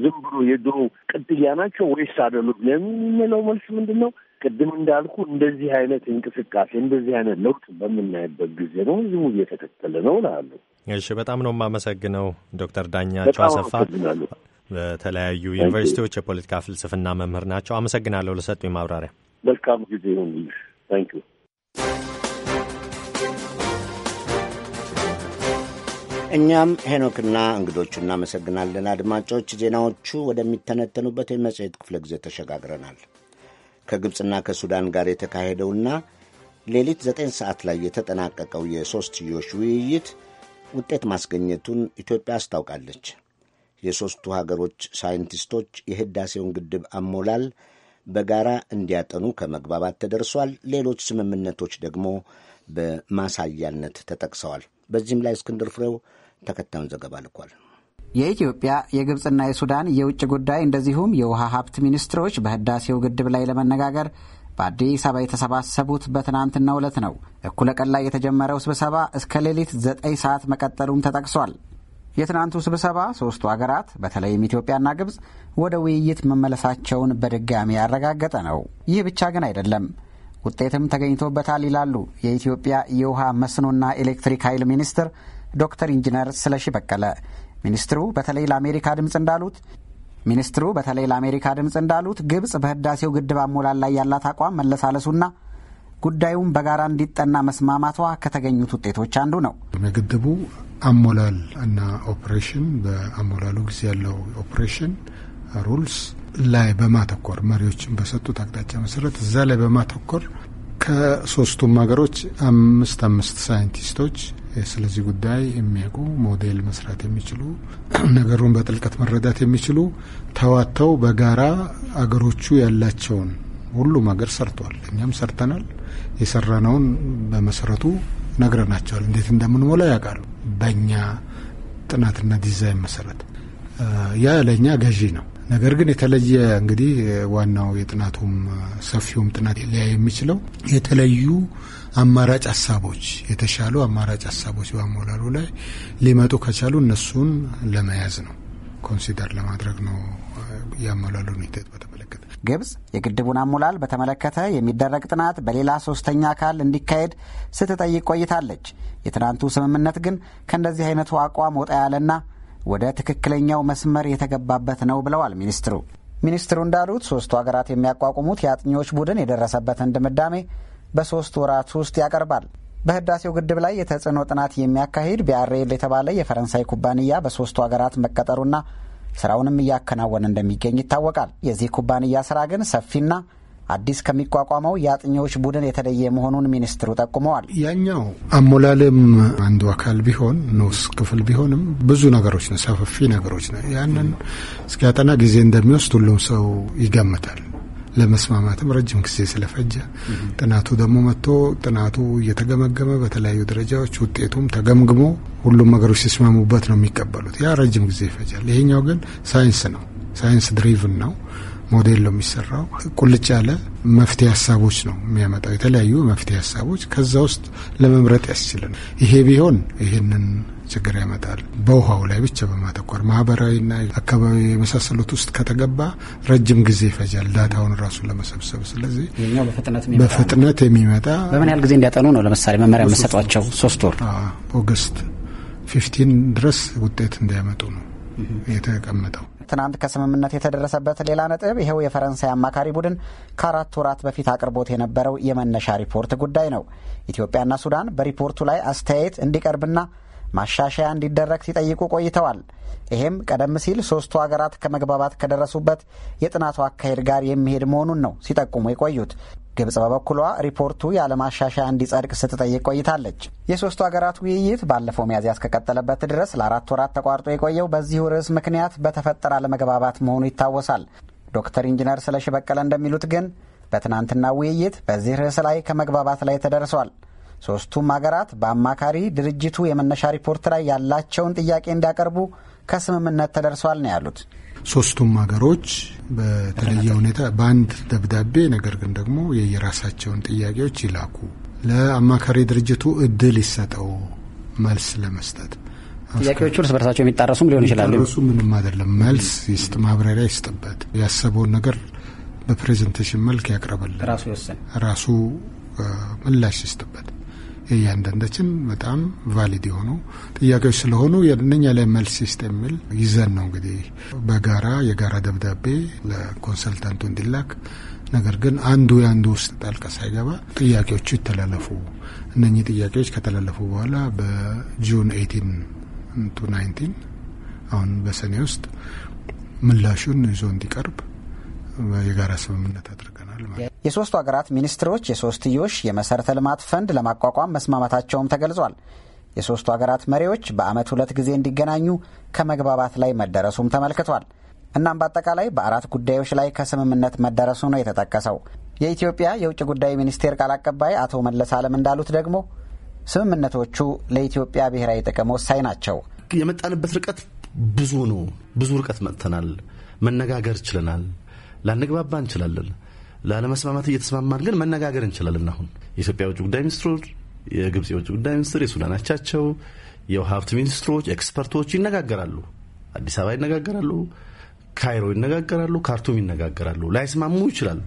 ዝም ብሎ የድሮ ቅጥያ ናቸው ወይስ አይደሉም የሚለው መልስ ምንድን ነው? ቅድም እንዳልኩ እንደዚህ አይነት እንቅስቃሴ እንደዚህ አይነት ለውጥ በምናይበት ጊዜ ነው ህዝቡ እየተከተለ ነው ላሉ። እሺ፣ በጣም ነው የማመሰግነው ዶክተር ዳኛቸው አሰፋ። በተለያዩ ዩኒቨርሲቲዎች የፖለቲካ ፍልስፍና መምህር ናቸው። አመሰግናለሁ ለሰጡኝ ማብራሪያ። መልካም ጊዜ ይሁን። ዩ። እኛም ሄኖክና እንግዶቹ እናመሰግናለን። አድማጮች፣ ዜናዎቹ ወደሚተነተኑበት የመጽሔት ክፍለ ጊዜ ተሸጋግረናል። ከግብፅና ከሱዳን ጋር የተካሄደውና ሌሊት ዘጠኝ ሰዓት ላይ የተጠናቀቀው የሦስትዮሽ ውይይት ውጤት ማስገኘቱን ኢትዮጵያ አስታውቃለች። የሦስቱ ሀገሮች ሳይንቲስቶች የህዳሴውን ግድብ አሞላል በጋራ እንዲያጠኑ ከመግባባት ተደርሷል። ሌሎች ስምምነቶች ደግሞ በማሳያነት ተጠቅሰዋል። በዚህም ላይ እስክንድር ፍሬው ተከታዩን ዘገባ ልኳል። የኢትዮጵያ የግብፅና የሱዳን የውጭ ጉዳይ እንደዚሁም የውሃ ሀብት ሚኒስትሮች በህዳሴው ግድብ ላይ ለመነጋገር በአዲስ አበባ የተሰባሰቡት በትናንትናው ዕለት ነው። እኩለ ቀን ላይ የተጀመረው ስብሰባ እስከ ሌሊት ዘጠኝ ሰዓት መቀጠሉም ተጠቅሷል። የትናንቱ ስብሰባ ሶስቱ አገራት በተለይም ኢትዮጵያና ግብጽ ወደ ውይይት መመለሳቸውን በድጋሚ ያረጋገጠ ነው። ይህ ብቻ ግን አይደለም፣ ውጤትም ተገኝቶበታል ይላሉ የኢትዮጵያ የውሃ መስኖና ኤሌክትሪክ ኃይል ሚኒስትር ዶክተር ኢንጂነር ስለሺ በቀለ። ሚኒስትሩ በተለይ ለአሜሪካ ድምፅ እንዳሉት ሚኒስትሩ በተለይ ለአሜሪካ ድምፅ እንዳሉት ግብጽ በህዳሴው ግድብ አሞላል ላይ ያላት አቋም መለሳለሱና ጉዳዩም በጋራ እንዲጠና መስማማቷ ከተገኙት ውጤቶች አንዱ ነው። የግድቡ አሞላል እና ኦፕሬሽን በአሞላሉ ጊዜ ያለው ኦፕሬሽን ሩልስ ላይ በማተኮር መሪዎችን በሰጡት አቅጣጫ መሰረት እዛ ላይ በማተኮር ከሶስቱም ሀገሮች አምስት አምስት ሳይንቲስቶች ስለዚህ ጉዳይ የሚያውቁ ሞዴል መስራት የሚችሉ ነገሩን በጥልቀት መረዳት የሚችሉ ተዋተው በጋራ አገሮቹ ያላቸውን ሁሉም ሀገር ሰርቷል። እኛም ሰርተናል። የሰራነውን በመሰረቱ ነግረናቸዋል። እንዴት እንደምንሞላ ያውቃሉ። በእኛ ጥናትና ዲዛይን መሰረት ያ ለእኛ ገዢ ነው። ነገር ግን የተለየ እንግዲህ ዋናው የጥናቱም ሰፊውም ጥናት ሊያ የሚችለው የተለዩ አማራጭ ሀሳቦች የተሻሉ አማራጭ ሀሳቦች በአሞላሉ ላይ ሊመጡ ከቻሉ እነሱን ለመያዝ ነው፣ ኮንሲደር ለማድረግ ነው። ያሞላሉ ነው ግብጽ የግድቡን አሞላል በተመለከተ የሚደረግ ጥናት በሌላ ሶስተኛ አካል እንዲካሄድ ስትጠይቅ ቆይታለች። የትናንቱ ስምምነት ግን ከእንደዚህ አይነቱ አቋም ወጣ ያለና ወደ ትክክለኛው መስመር የተገባበት ነው ብለዋል ሚኒስትሩ። ሚኒስትሩ እንዳሉት ሶስቱ ሀገራት የሚያቋቁሙት የአጥኚዎች ቡድን የደረሰበትን ድምዳሜ በሶስት ወራት ውስጥ ያቀርባል። በህዳሴው ግድብ ላይ የተጽዕኖ ጥናት የሚያካሂድ ቢያሬል የተባለ የፈረንሳይ ኩባንያ በሶስቱ ሀገራት መቀጠሩና ስራውንም እያከናወነ እንደሚገኝ ይታወቃል። የዚህ ኩባንያ ስራ ግን ሰፊና አዲስ ከሚቋቋመው የአጥኚዎች ቡድን የተለየ መሆኑን ሚኒስትሩ ጠቁመዋል። ያኛው አሞላልም አንዱ አካል ቢሆን ንዑስ ክፍል ቢሆንም ብዙ ነገሮች ነው፣ ሰፋፊ ነገሮች ነው። ያንን እስኪያጠና ጊዜ እንደሚወስድ ሁሉም ሰው ይገምታል። ለመስማማትም ረጅም ጊዜ ስለፈጀ ጥናቱ ደግሞ መጥቶ ጥናቱ እየተገመገመ በተለያዩ ደረጃዎች ውጤቱም ተገምግሞ ሁሉም ነገሮች ሲስማሙበት ነው የሚቀበሉት። ያ ረጅም ጊዜ ይፈጃል። ይሄኛው ግን ሳይንስ ነው። ሳይንስ ድሪቭን ነው። ሞዴል ነው የሚሰራው። ቁልጭ ያለ መፍትሄ ሀሳቦች ነው የሚያመጣው። የተለያዩ መፍትሄ ሀሳቦች ከዛ ውስጥ ለመምረጥ ያስችልን። ይሄ ቢሆን ይህንን ችግር ያመጣል። በውሃው ላይ ብቻ በማተኮር ማህበራዊና አካባቢ የመሳሰሉት ውስጥ ከተገባ ረጅም ጊዜ ይፈጃል ዳታውን ራሱን ለመሰብሰብ። ስለዚህ በፍጥነት የሚመጣ በምን ያህል ጊዜ እንዲያጠኑ ነው ለምሳሌ መመሪያ የምሰጧቸው? ሶስት ወር ኦገስት ፊፍቲን ድረስ ውጤት እንዲያመጡ ነው የተቀመጠው። ትናንት ከስምምነት የተደረሰበት ሌላ ነጥብ ይኸው የፈረንሳይ አማካሪ ቡድን ከአራት ወራት በፊት አቅርቦት የነበረው የመነሻ ሪፖርት ጉዳይ ነው። ኢትዮጵያና ሱዳን በሪፖርቱ ላይ አስተያየት እንዲቀርብና ማሻሻያ እንዲደረግ ሲጠይቁ ቆይተዋል። ይሄም ቀደም ሲል ሶስቱ ሀገራት ከመግባባት ከደረሱበት የጥናቱ አካሄድ ጋር የሚሄድ መሆኑን ነው ሲጠቁሙ የቆዩት። ግብጽ በበኩሏ ሪፖርቱ ያለማሻሻያ እንዲጸድቅ ስትጠይቅ ቆይታለች። የሶስቱ ሀገራት ውይይት ባለፈው ሚያዝያ እስከቀጠለበት ድረስ ለአራት ወራት ተቋርጦ የቆየው በዚሁ ርዕስ ምክንያት በተፈጠረ አለመግባባት መሆኑ ይታወሳል። ዶክተር ኢንጂነር ስለሺ በቀለ እንደሚሉት ግን በትናንትና ውይይት በዚህ ርዕስ ላይ ከመግባባት ላይ ተደርሷል። ሶስቱም አገራት በአማካሪ ድርጅቱ የመነሻ ሪፖርት ላይ ያላቸውን ጥያቄ እንዲያቀርቡ ከስምምነት ተደርሷል ነው ያሉት። ሶስቱም ሀገሮች በተለየ ሁኔታ በአንድ ደብዳቤ ነገር ግን ደግሞ የየራሳቸውን ጥያቄዎች ይላኩ፣ ለአማካሪ ድርጅቱ እድል ይሰጠው መልስ ለመስጠት። ጥያቄዎቹ እርስ በርሳቸው የሚጣረሱም ሊሆን ይችላሉ። ሚጣረሱ ምንም አይደለም። መልስ ይስጥ፣ ማብራሪያ ይስጥበት፣ ያሰበውን ነገር በፕሬዘንቴሽን መልክ ያቅርብልን፣ ራሱ ምላሽ ይስጥበት። እያንዳንዳችን በጣም ቫሊድ የሆኑ ጥያቄዎች ስለሆኑ የእነኛ ላይ መልስ የሚል ይዘን ነው እንግዲህ በጋራ የጋራ ደብዳቤ ለኮንሰልታንቱ እንዲላክ ነገር ግን አንዱ የአንዱ ውስጥ ጣልቃ ሳይገባ ጥያቄዎቹ ይተላለፉ። እነኚህ ጥያቄዎች ከተላለፉ በኋላ በጁን 18 ቱ 19 አሁን በሰኔ ውስጥ ምላሹን ይዞ እንዲቀርብ የጋራ ስምምነት አድርገናል ማለት ነው። የሶስቱ ሀገራት ሚኒስትሮች የሶስትዮሽ የመሠረተ ልማት ፈንድ ለማቋቋም መስማማታቸውም ተገልጿል። የሶስቱ ሀገራት መሪዎች በዓመት ሁለት ጊዜ እንዲገናኙ ከመግባባት ላይ መደረሱም ተመልክቷል። እናም በአጠቃላይ በአራት ጉዳዮች ላይ ከስምምነት መደረሱ ነው የተጠቀሰው። የኢትዮጵያ የውጭ ጉዳይ ሚኒስቴር ቃል አቀባይ አቶ መለስ አለም እንዳሉት ደግሞ ስምምነቶቹ ለኢትዮጵያ ብሔራዊ ጥቅም ወሳኝ ናቸው። የመጣንበት ርቀት ብዙ ነው። ብዙ ርቀት መጥተናል። መነጋገር ችለናል። ላንግባባ እንችላለን። ላለመስማማት እየተስማማን ግን መነጋገር እንችላለን። አሁን የኢትዮጵያ የውጭ ጉዳይ ሚኒስትሮች፣ የግብጽ የውጭ ጉዳይ ሚኒስትር፣ የሱዳን አቻቸው፣ የውሃ ሀብት ሚኒስትሮች፣ ኤክስፐርቶች ይነጋገራሉ። አዲስ አበባ ይነጋገራሉ፣ ካይሮ ይነጋገራሉ፣ ካርቱም ይነጋገራሉ። ላይስማሙ ይችላሉ፣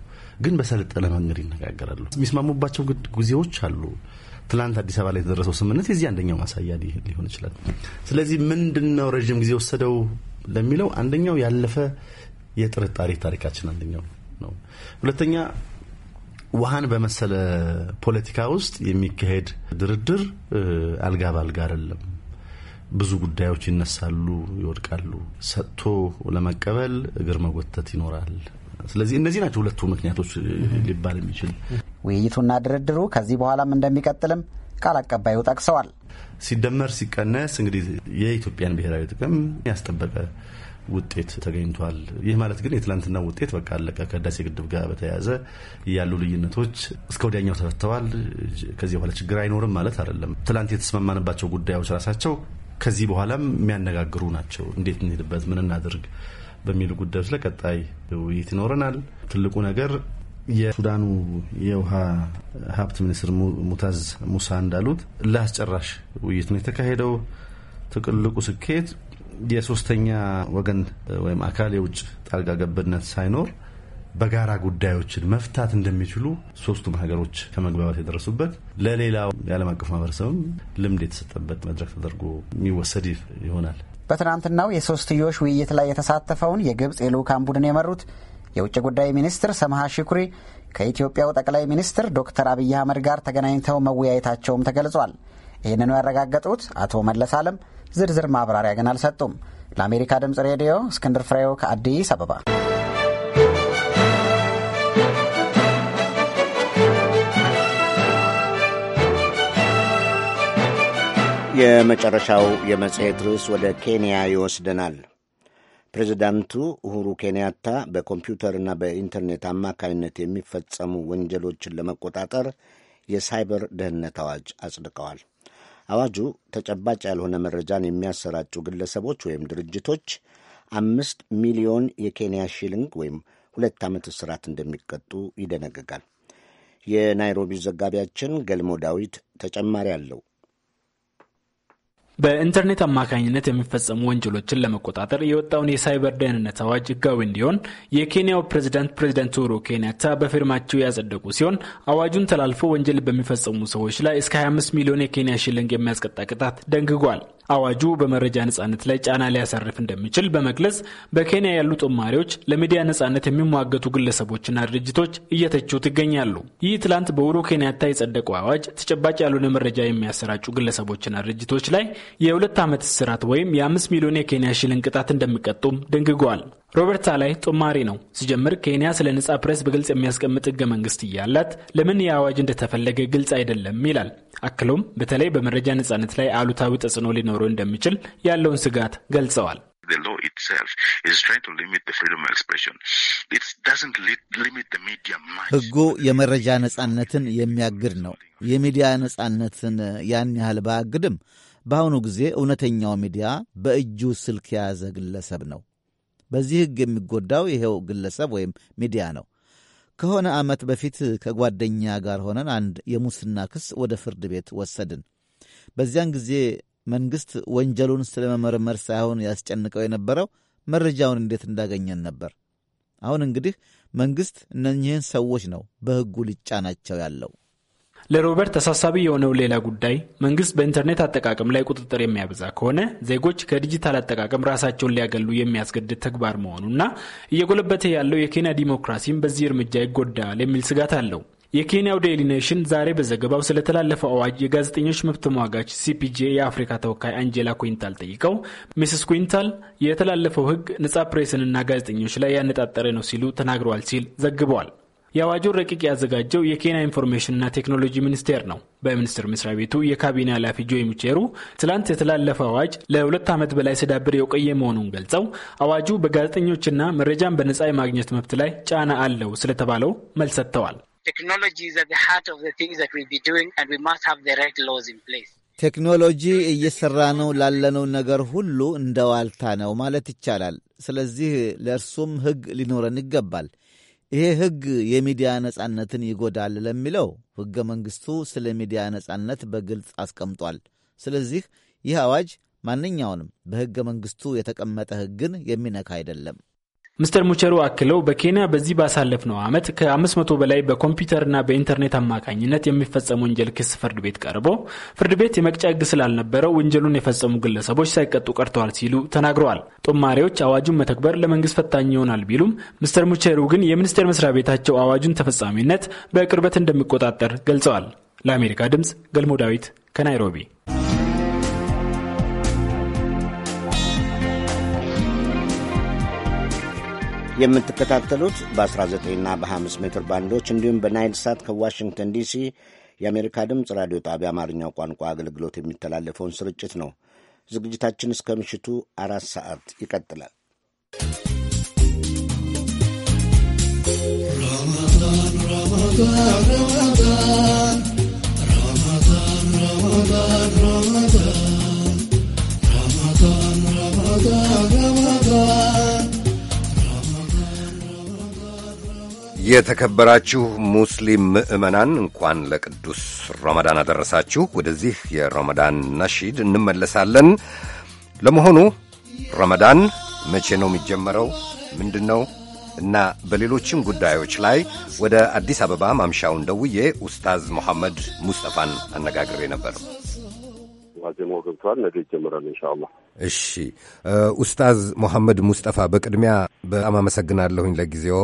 ግን በሰለጠነ መንገድ ይነጋገራሉ። የሚስማሙባቸው ጊዜዎች አሉ። ትናንት አዲስ አበባ ላይ የተደረሰው ስምምነት የዚህ አንደኛው ማሳያ ሊሆን ይችላል። ስለዚህ ምንድን ነው ረዥም ጊዜ ወሰደው ለሚለው አንደኛው ያለፈ የጥርጣሬ ታሪካችን አንደኛው ነው። ሁለተኛ ውሃን በመሰለ ፖለቲካ ውስጥ የሚካሄድ ድርድር አልጋ ባልጋ አይደለም። ብዙ ጉዳዮች ይነሳሉ፣ ይወድቃሉ። ሰጥቶ ለመቀበል እግር መጎተት ይኖራል። ስለዚህ እነዚህ ናቸው ሁለቱ ምክንያቶች ሊባል የሚችል ውይይቱና ድርድሩ ከዚህ በኋላም እንደሚቀጥልም ቃል አቀባዩ ጠቅሰዋል። ሲደመር ሲቀነስ እንግዲህ የኢትዮጵያን ብሔራዊ ጥቅም ያስጠበቀ ውጤት ተገኝቷል። ይህ ማለት ግን የትላንትና ውጤት በቃ አለቀ። ከህዳሴ ግድብ ጋር በተያያዘ ያሉ ልዩነቶች እስከ ወዲያኛው ተፈተዋል፣ ከዚህ በኋላ ችግር አይኖርም ማለት አይደለም። ትላንት የተስማማንባቸው ጉዳዮች ራሳቸው ከዚህ በኋላም የሚያነጋግሩ ናቸው። እንዴት እንሄድበት፣ ምን እናድርግ በሚሉ ጉዳዮች ላይ ቀጣይ ውይይት ይኖረናል። ትልቁ ነገር የሱዳኑ የውሃ ሀብት ሚኒስትር ሙታዝ ሙሳ እንዳሉት ለአስጨራሽ ውይይት ነው የተካሄደው። ትልቁ ስኬት የሶስተኛ ወገን ወይም አካል የውጭ ጣልቃ ገብነት ሳይኖር በጋራ ጉዳዮችን መፍታት እንደሚችሉ ሶስቱም ሀገሮች ከመግባባት የደረሱበት ለሌላው የዓለም አቀፍ ማህበረሰብም ልምድ የተሰጠበት መድረክ ተደርጎ የሚወሰድ ይሆናል። በትናንትናው የሶስትዮሽ ውይይት ላይ የተሳተፈውን የግብፅ የልዑካን ቡድን የመሩት የውጭ ጉዳይ ሚኒስትር ሰምሃ ሽኩሪ ከኢትዮጵያው ጠቅላይ ሚኒስትር ዶክተር አብይ አህመድ ጋር ተገናኝተው መወያየታቸውም ተገልጿል። ይህንኑ ያረጋገጡት አቶ መለስ አለም ዝርዝር ማብራሪያ ግን አልሰጡም። ለአሜሪካ ድምፅ ሬዲዮ እስክንድር ፍሬው ከአዲስ አበባ። የመጨረሻው የመጽሔት ርዕስ ወደ ኬንያ ይወስደናል። ፕሬዚዳንቱ ኡሁሩ ኬንያታ በኮምፒውተርና በኢንተርኔት አማካኝነት የሚፈጸሙ ወንጀሎችን ለመቆጣጠር የሳይበር ደህንነት አዋጅ አጽድቀዋል። አዋጁ ተጨባጭ ያልሆነ መረጃን የሚያሰራጩ ግለሰቦች ወይም ድርጅቶች አምስት ሚሊዮን የኬንያ ሺሊንግ ወይም ሁለት ዓመት እስራት እንደሚቀጡ ይደነግጋል። የናይሮቢ ዘጋቢያችን ገልሞ ዳዊት ተጨማሪ አለው። በኢንተርኔት አማካኝነት የሚፈጸሙ ወንጀሎችን ለመቆጣጠር የወጣውን የሳይበር ደህንነት አዋጅ ህጋዊ እንዲሆን የኬንያው ፕሬዚዳንት ፕሬዚዳንት ኡሁሩ ኬንያታ በፊርማቸው ያጸደቁ ሲሆን አዋጁን ተላልፎ ወንጀል በሚፈጸሙ ሰዎች ላይ እስከ 25 ሚሊዮን የኬንያ ሽልንግ የሚያስቀጣ ቅጣት ደንግጓል። አዋጁ በመረጃ ነጻነት ላይ ጫና ሊያሳርፍ እንደሚችል በመግለጽ በኬንያ ያሉ ጦማሪዎች ለሚዲያ ነጻነት የሚሟገቱ ግለሰቦችና ድርጅቶች እየተቹት ይገኛሉ። ይህ ትላንት በኡሁሩ ኬንያታ የጸደቀው አዋጅ ተጨባጭ ያልሆነ መረጃ የሚያሰራጩ ግለሰቦችና ድርጅቶች ላይ የሁለት ዓመት እስራት ወይም የአምስት ሚሊዮን የኬንያ ሽልን ቅጣት እንደሚቀጡም ደንግጓል። ሮበርት ሳላይ ጦማሪ ነው። ሲጀምር ኬንያ ስለ ነጻ ፕሬስ በግልጽ የሚያስቀምጥ ህገ መንግስት እያላት ለምን ይህ አዋጅ እንደተፈለገ ግልጽ አይደለም ይላል። አክሎም በተለይ በመረጃ ነጻነት ላይ አሉታዊ ተጽዕኖ ሊኖረው እንደሚችል ያለውን ስጋት ገልጸዋል። ህጉ የመረጃ ነጻነትን የሚያግድ ነው። የሚዲያ ነጻነትን ያን ያህል ባያግድም በአሁኑ ጊዜ እውነተኛው ሚዲያ በእጁ ስልክ የያዘ ግለሰብ ነው። በዚህ ሕግ የሚጎዳው ይሄው ግለሰብ ወይም ሚዲያ ነው። ከሆነ ዓመት በፊት ከጓደኛ ጋር ሆነን አንድ የሙስና ክስ ወደ ፍርድ ቤት ወሰድን። በዚያን ጊዜ መንግሥት ወንጀሉን መመርመር ሳይሆን ያስጨንቀው የነበረው መረጃውን እንዴት እንዳገኘን ነበር። አሁን እንግዲህ መንግሥት እነኚህን ሰዎች ነው በሕጉ ሊጫናቸው ያለው። ለሮበርት አሳሳቢ የሆነው ሌላ ጉዳይ መንግስት በኢንተርኔት አጠቃቀም ላይ ቁጥጥር የሚያበዛ ከሆነ ዜጎች ከዲጂታል አጠቃቀም ራሳቸውን ሊያገሉ የሚያስገድድ ተግባር መሆኑና እየጎለበተ ያለው የኬንያ ዲሞክራሲም በዚህ እርምጃ ይጎዳል የሚል ስጋት አለው። የኬንያው ዴይሊ ኔሽን ዛሬ በዘገባው ስለተላለፈው አዋጅ የጋዜጠኞች መብት ተሟጋች ሲፒጄ የአፍሪካ ተወካይ አንጀላ ኩንታል ጠይቀው ሚስስ ኩንታል የተላለፈው ህግ ነጻ ፕሬስንና ጋዜጠኞች ላይ ያነጣጠረ ነው ሲሉ ተናግረዋል ሲል ዘግበዋል። የአዋጁን ረቂቅ ያዘጋጀው የኬንያ ኢንፎርሜሽንና ቴክኖሎጂ ሚኒስቴር ነው። በሚኒስቴር መስሪያ ቤቱ የካቢኔ ኃላፊ ጆ የሚቼሩ ትላንት የተላለፈ አዋጅ ለሁለት ዓመት በላይ ስዳብር የቆየ መሆኑን ገልጸው አዋጁ በጋዜጠኞችና መረጃን በነጻ የማግኘት መብት ላይ ጫና አለው ስለተባለው መልስ ሰጥተዋል። ቴክኖሎጂ እየሰራ ነው ላለነው ነገር ሁሉ እንደ ዋልታ ነው ማለት ይቻላል። ስለዚህ ለእርሱም ሕግ ሊኖረን ይገባል። ይሄ ሕግ የሚዲያ ነጻነትን ይጎዳል ለሚለው ሕገ መንግሥቱ ስለ ሚዲያ ነጻነት በግልጽ አስቀምጧል። ስለዚህ ይህ አዋጅ ማንኛውንም በሕገ መንግሥቱ የተቀመጠ ሕግን የሚነካ አይደለም። ሚስተር ሙቸሩ አክለው በኬንያ በዚህ ባሳለፍነው ዓመት ከ500 በላይ በኮምፒውተርና በኢንተርኔት አማካኝነት የሚፈጸም ወንጀል ክስ ፍርድ ቤት ቀርቦ ፍርድ ቤት የመቅጫ ሕግ ስላልነበረው ወንጀሉን የፈጸሙ ግለሰቦች ሳይቀጡ ቀርተዋል ሲሉ ተናግረዋል። ጦማሪዎች አዋጁን መተግበር ለመንግስት ፈታኝ ይሆናል ቢሉም ሚስተር ሙቸሩ ግን የሚኒስቴር መስሪያ ቤታቸው አዋጁን ተፈጻሚነት በቅርበት እንደሚቆጣጠር ገልጸዋል። ለአሜሪካ ድምፅ ገልሞ ዳዊት ከናይሮቢ የምትከታተሉት በ19 እና በ5 ሜትር ባንዶች እንዲሁም በናይል ሳት ከዋሽንግተን ዲሲ የአሜሪካ ድምፅ ራዲዮ ጣቢያ አማርኛው ቋንቋ አገልግሎት የሚተላለፈውን ስርጭት ነው። ዝግጅታችን እስከ ምሽቱ አራት ሰዓት ይቀጥላል። የተከበራችሁ ሙስሊም ምዕመናን እንኳን ለቅዱስ ረመዳን አደረሳችሁ። ወደዚህ የረመዳን ነሺድ እንመለሳለን። ለመሆኑ ረመዳን መቼ ነው የሚጀመረው? ምንድን ነው እና በሌሎችም ጉዳዮች ላይ ወደ አዲስ አበባ ማምሻውን ደውዬ ኡስታዝ መሐመድ ሙስጠፋን አነጋግሬ ነበር። ዋዜማው ገብቷል። ነገ ይጀምራል ኢንሻአላህ። እሺ ኡስታዝ ሙሐመድ ሙስጠፋ በቅድሚያ በጣም አመሰግናለሁኝ። ለጊዜዎ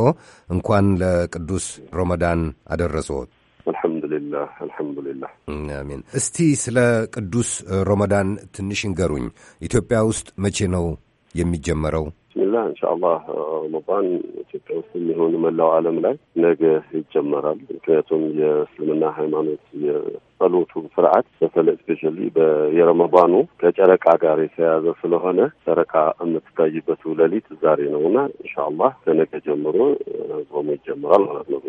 እንኳን ለቅዱስ ሮመዳን አደረሰዎት። አልሐምዱሊላህ አልሐምዱሊላህ። አሚን። እስቲ ስለ ቅዱስ ሮመዳን ትንሽ እንገሩኝ። ኢትዮጵያ ውስጥ መቼ ነው የሚጀመረው? ብስሚላህ እንሻአላህ ረመዳን ኢትዮጵያ ውስጥ የሚሆን መላው ዓለም ላይ ነገ ይጀመራል። ምክንያቱም የእስልምና ሃይማኖት የጸሎቱ ስርዓት በተለይ ስፔሻሊ የረመዳኑ ከጨረቃ ጋር የተያያዘ ስለሆነ ጨረቃ የምትታይበት ሌሊት ዛሬ ነው እና እንሻአላህ ከነገ ጀምሮ ጾሙ ይጀምራል ማለት ነው።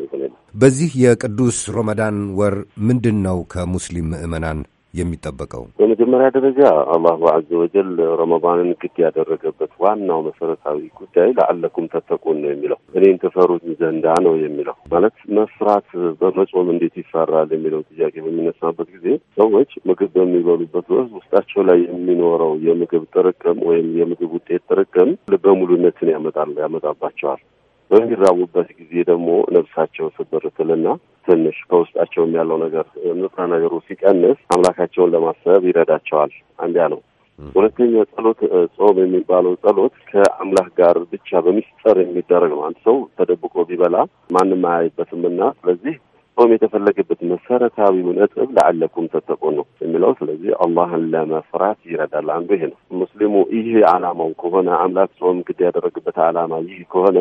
በዚህ የቅዱስ ረመዳን ወር ምንድን ነው ከሙስሊም ምዕመናን የሚጠበቀው? በመጀመሪያ ደረጃ አላሁ አዘ ወጀል ረመዳንን ግድ ያደረገበት ዋናው መሰረታዊ ጉዳይ ለአለኩም ተተቁን ነው የሚለው እኔን ትፈሩት ዘንዳ ነው የሚለው ማለት መፍራት በመጾም እንዴት ይፈራል የሚለው ጥያቄ በሚነሳበት ጊዜ ሰዎች ምግብ በሚበሉበት ወቅት ውስጣቸው ላይ የሚኖረው የምግብ ጥርቅም ወይም የምግብ ውጤት ጥርቅም ልበሙሉነትን ያመጣል ያመጣባቸዋል። በሚራቡበት ጊዜ ደግሞ ነፍሳቸው ስብርትልና ትንሽ ከውስጣቸውም ያለው ነገር ንጥረ ነገሩ ሲቀንስ አምላካቸውን ለማሰብ ይረዳቸዋል። አንዲያ ነው። ሁለተኛው ጸሎት ጾም የሚባለው ጸሎት ከአምላክ ጋር ብቻ በሚስጠር የሚደረግ ነው። አንድ ሰው ተደብቆ ቢበላ ማንም አያይበትምና ስለዚህ ጾም የተፈለገበት መሰረታዊው ነጥብ ለአለኩም ተተቁን ነው የሚለው። ስለዚህ አላህን ለመፍራት ይረዳል። አንዱ ይሄ ነው። ሙስሊሙ ይህ አላማው ከሆነ አምላክ ጾም ግድ ያደረግበት አላማ ይህ ከሆነ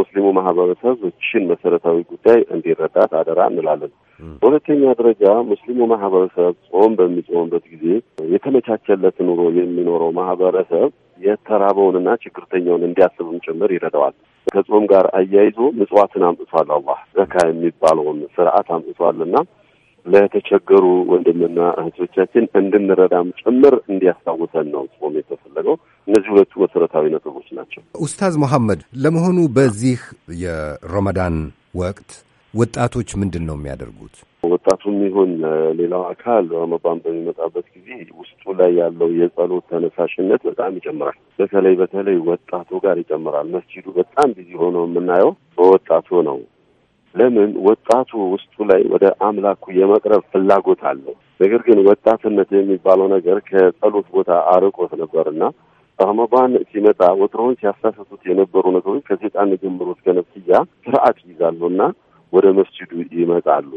ሙስሊሙ ማህበረሰብ ይህችን መሰረታዊ ጉዳይ እንዲረዳት አደራ እንላለን። በሁለተኛ ደረጃ ሙስሊሙ ማህበረሰብ ጾም በሚጾምበት ጊዜ የተመቻቸለት ኑሮ የሚኖረው ማህበረሰብ የተራበውንና ችግርተኛውን እንዲያስብም ጭምር ይረዳዋል። ከጾም ጋር አያይዞ ምጽዋትን አምጥቷል። አላህ ዘካ የሚባለውን ስርዓት አምጥቷልና ለተቸገሩ ወንድምና እህቶቻችን እንድንረዳም ጭምር እንዲያስታውሰን ነው ጾም የተፈለገው። እነዚህ ሁለቱ መሰረታዊ ነጥቦች ናቸው። ኡስታዝ መሐመድ፣ ለመሆኑ በዚህ የረመዳን ወቅት ወጣቶች ምንድን ነው የሚያደርጉት? ወጣቱም ይሁን ሌላው አካል ረመዳን በሚመጣበት ጊዜ ውስጡ ላይ ያለው የጸሎት ተነሳሽነት በጣም ይጨምራል። በተለይ በተለይ ወጣቱ ጋር ይጨምራል። መስጂዱ በጣም ቢዚ ሆኖ የምናየው በወጣቱ ነው። ለምን ወጣቱ ውስጡ ላይ ወደ አምላኩ የመቅረብ ፍላጎት አለው። ነገር ግን ወጣትነት የሚባለው ነገር ከጸሎት ቦታ አርቆት ነበርና ረመዳን ሲመጣ ወትሮውን ሲያሳሰቱት የነበሩ ነገሮች ከሴጣን ጀምሮ እስከ ነፍስያ ስርዓት ይይዛሉና ወደ መስጅዱ ይመጣሉ።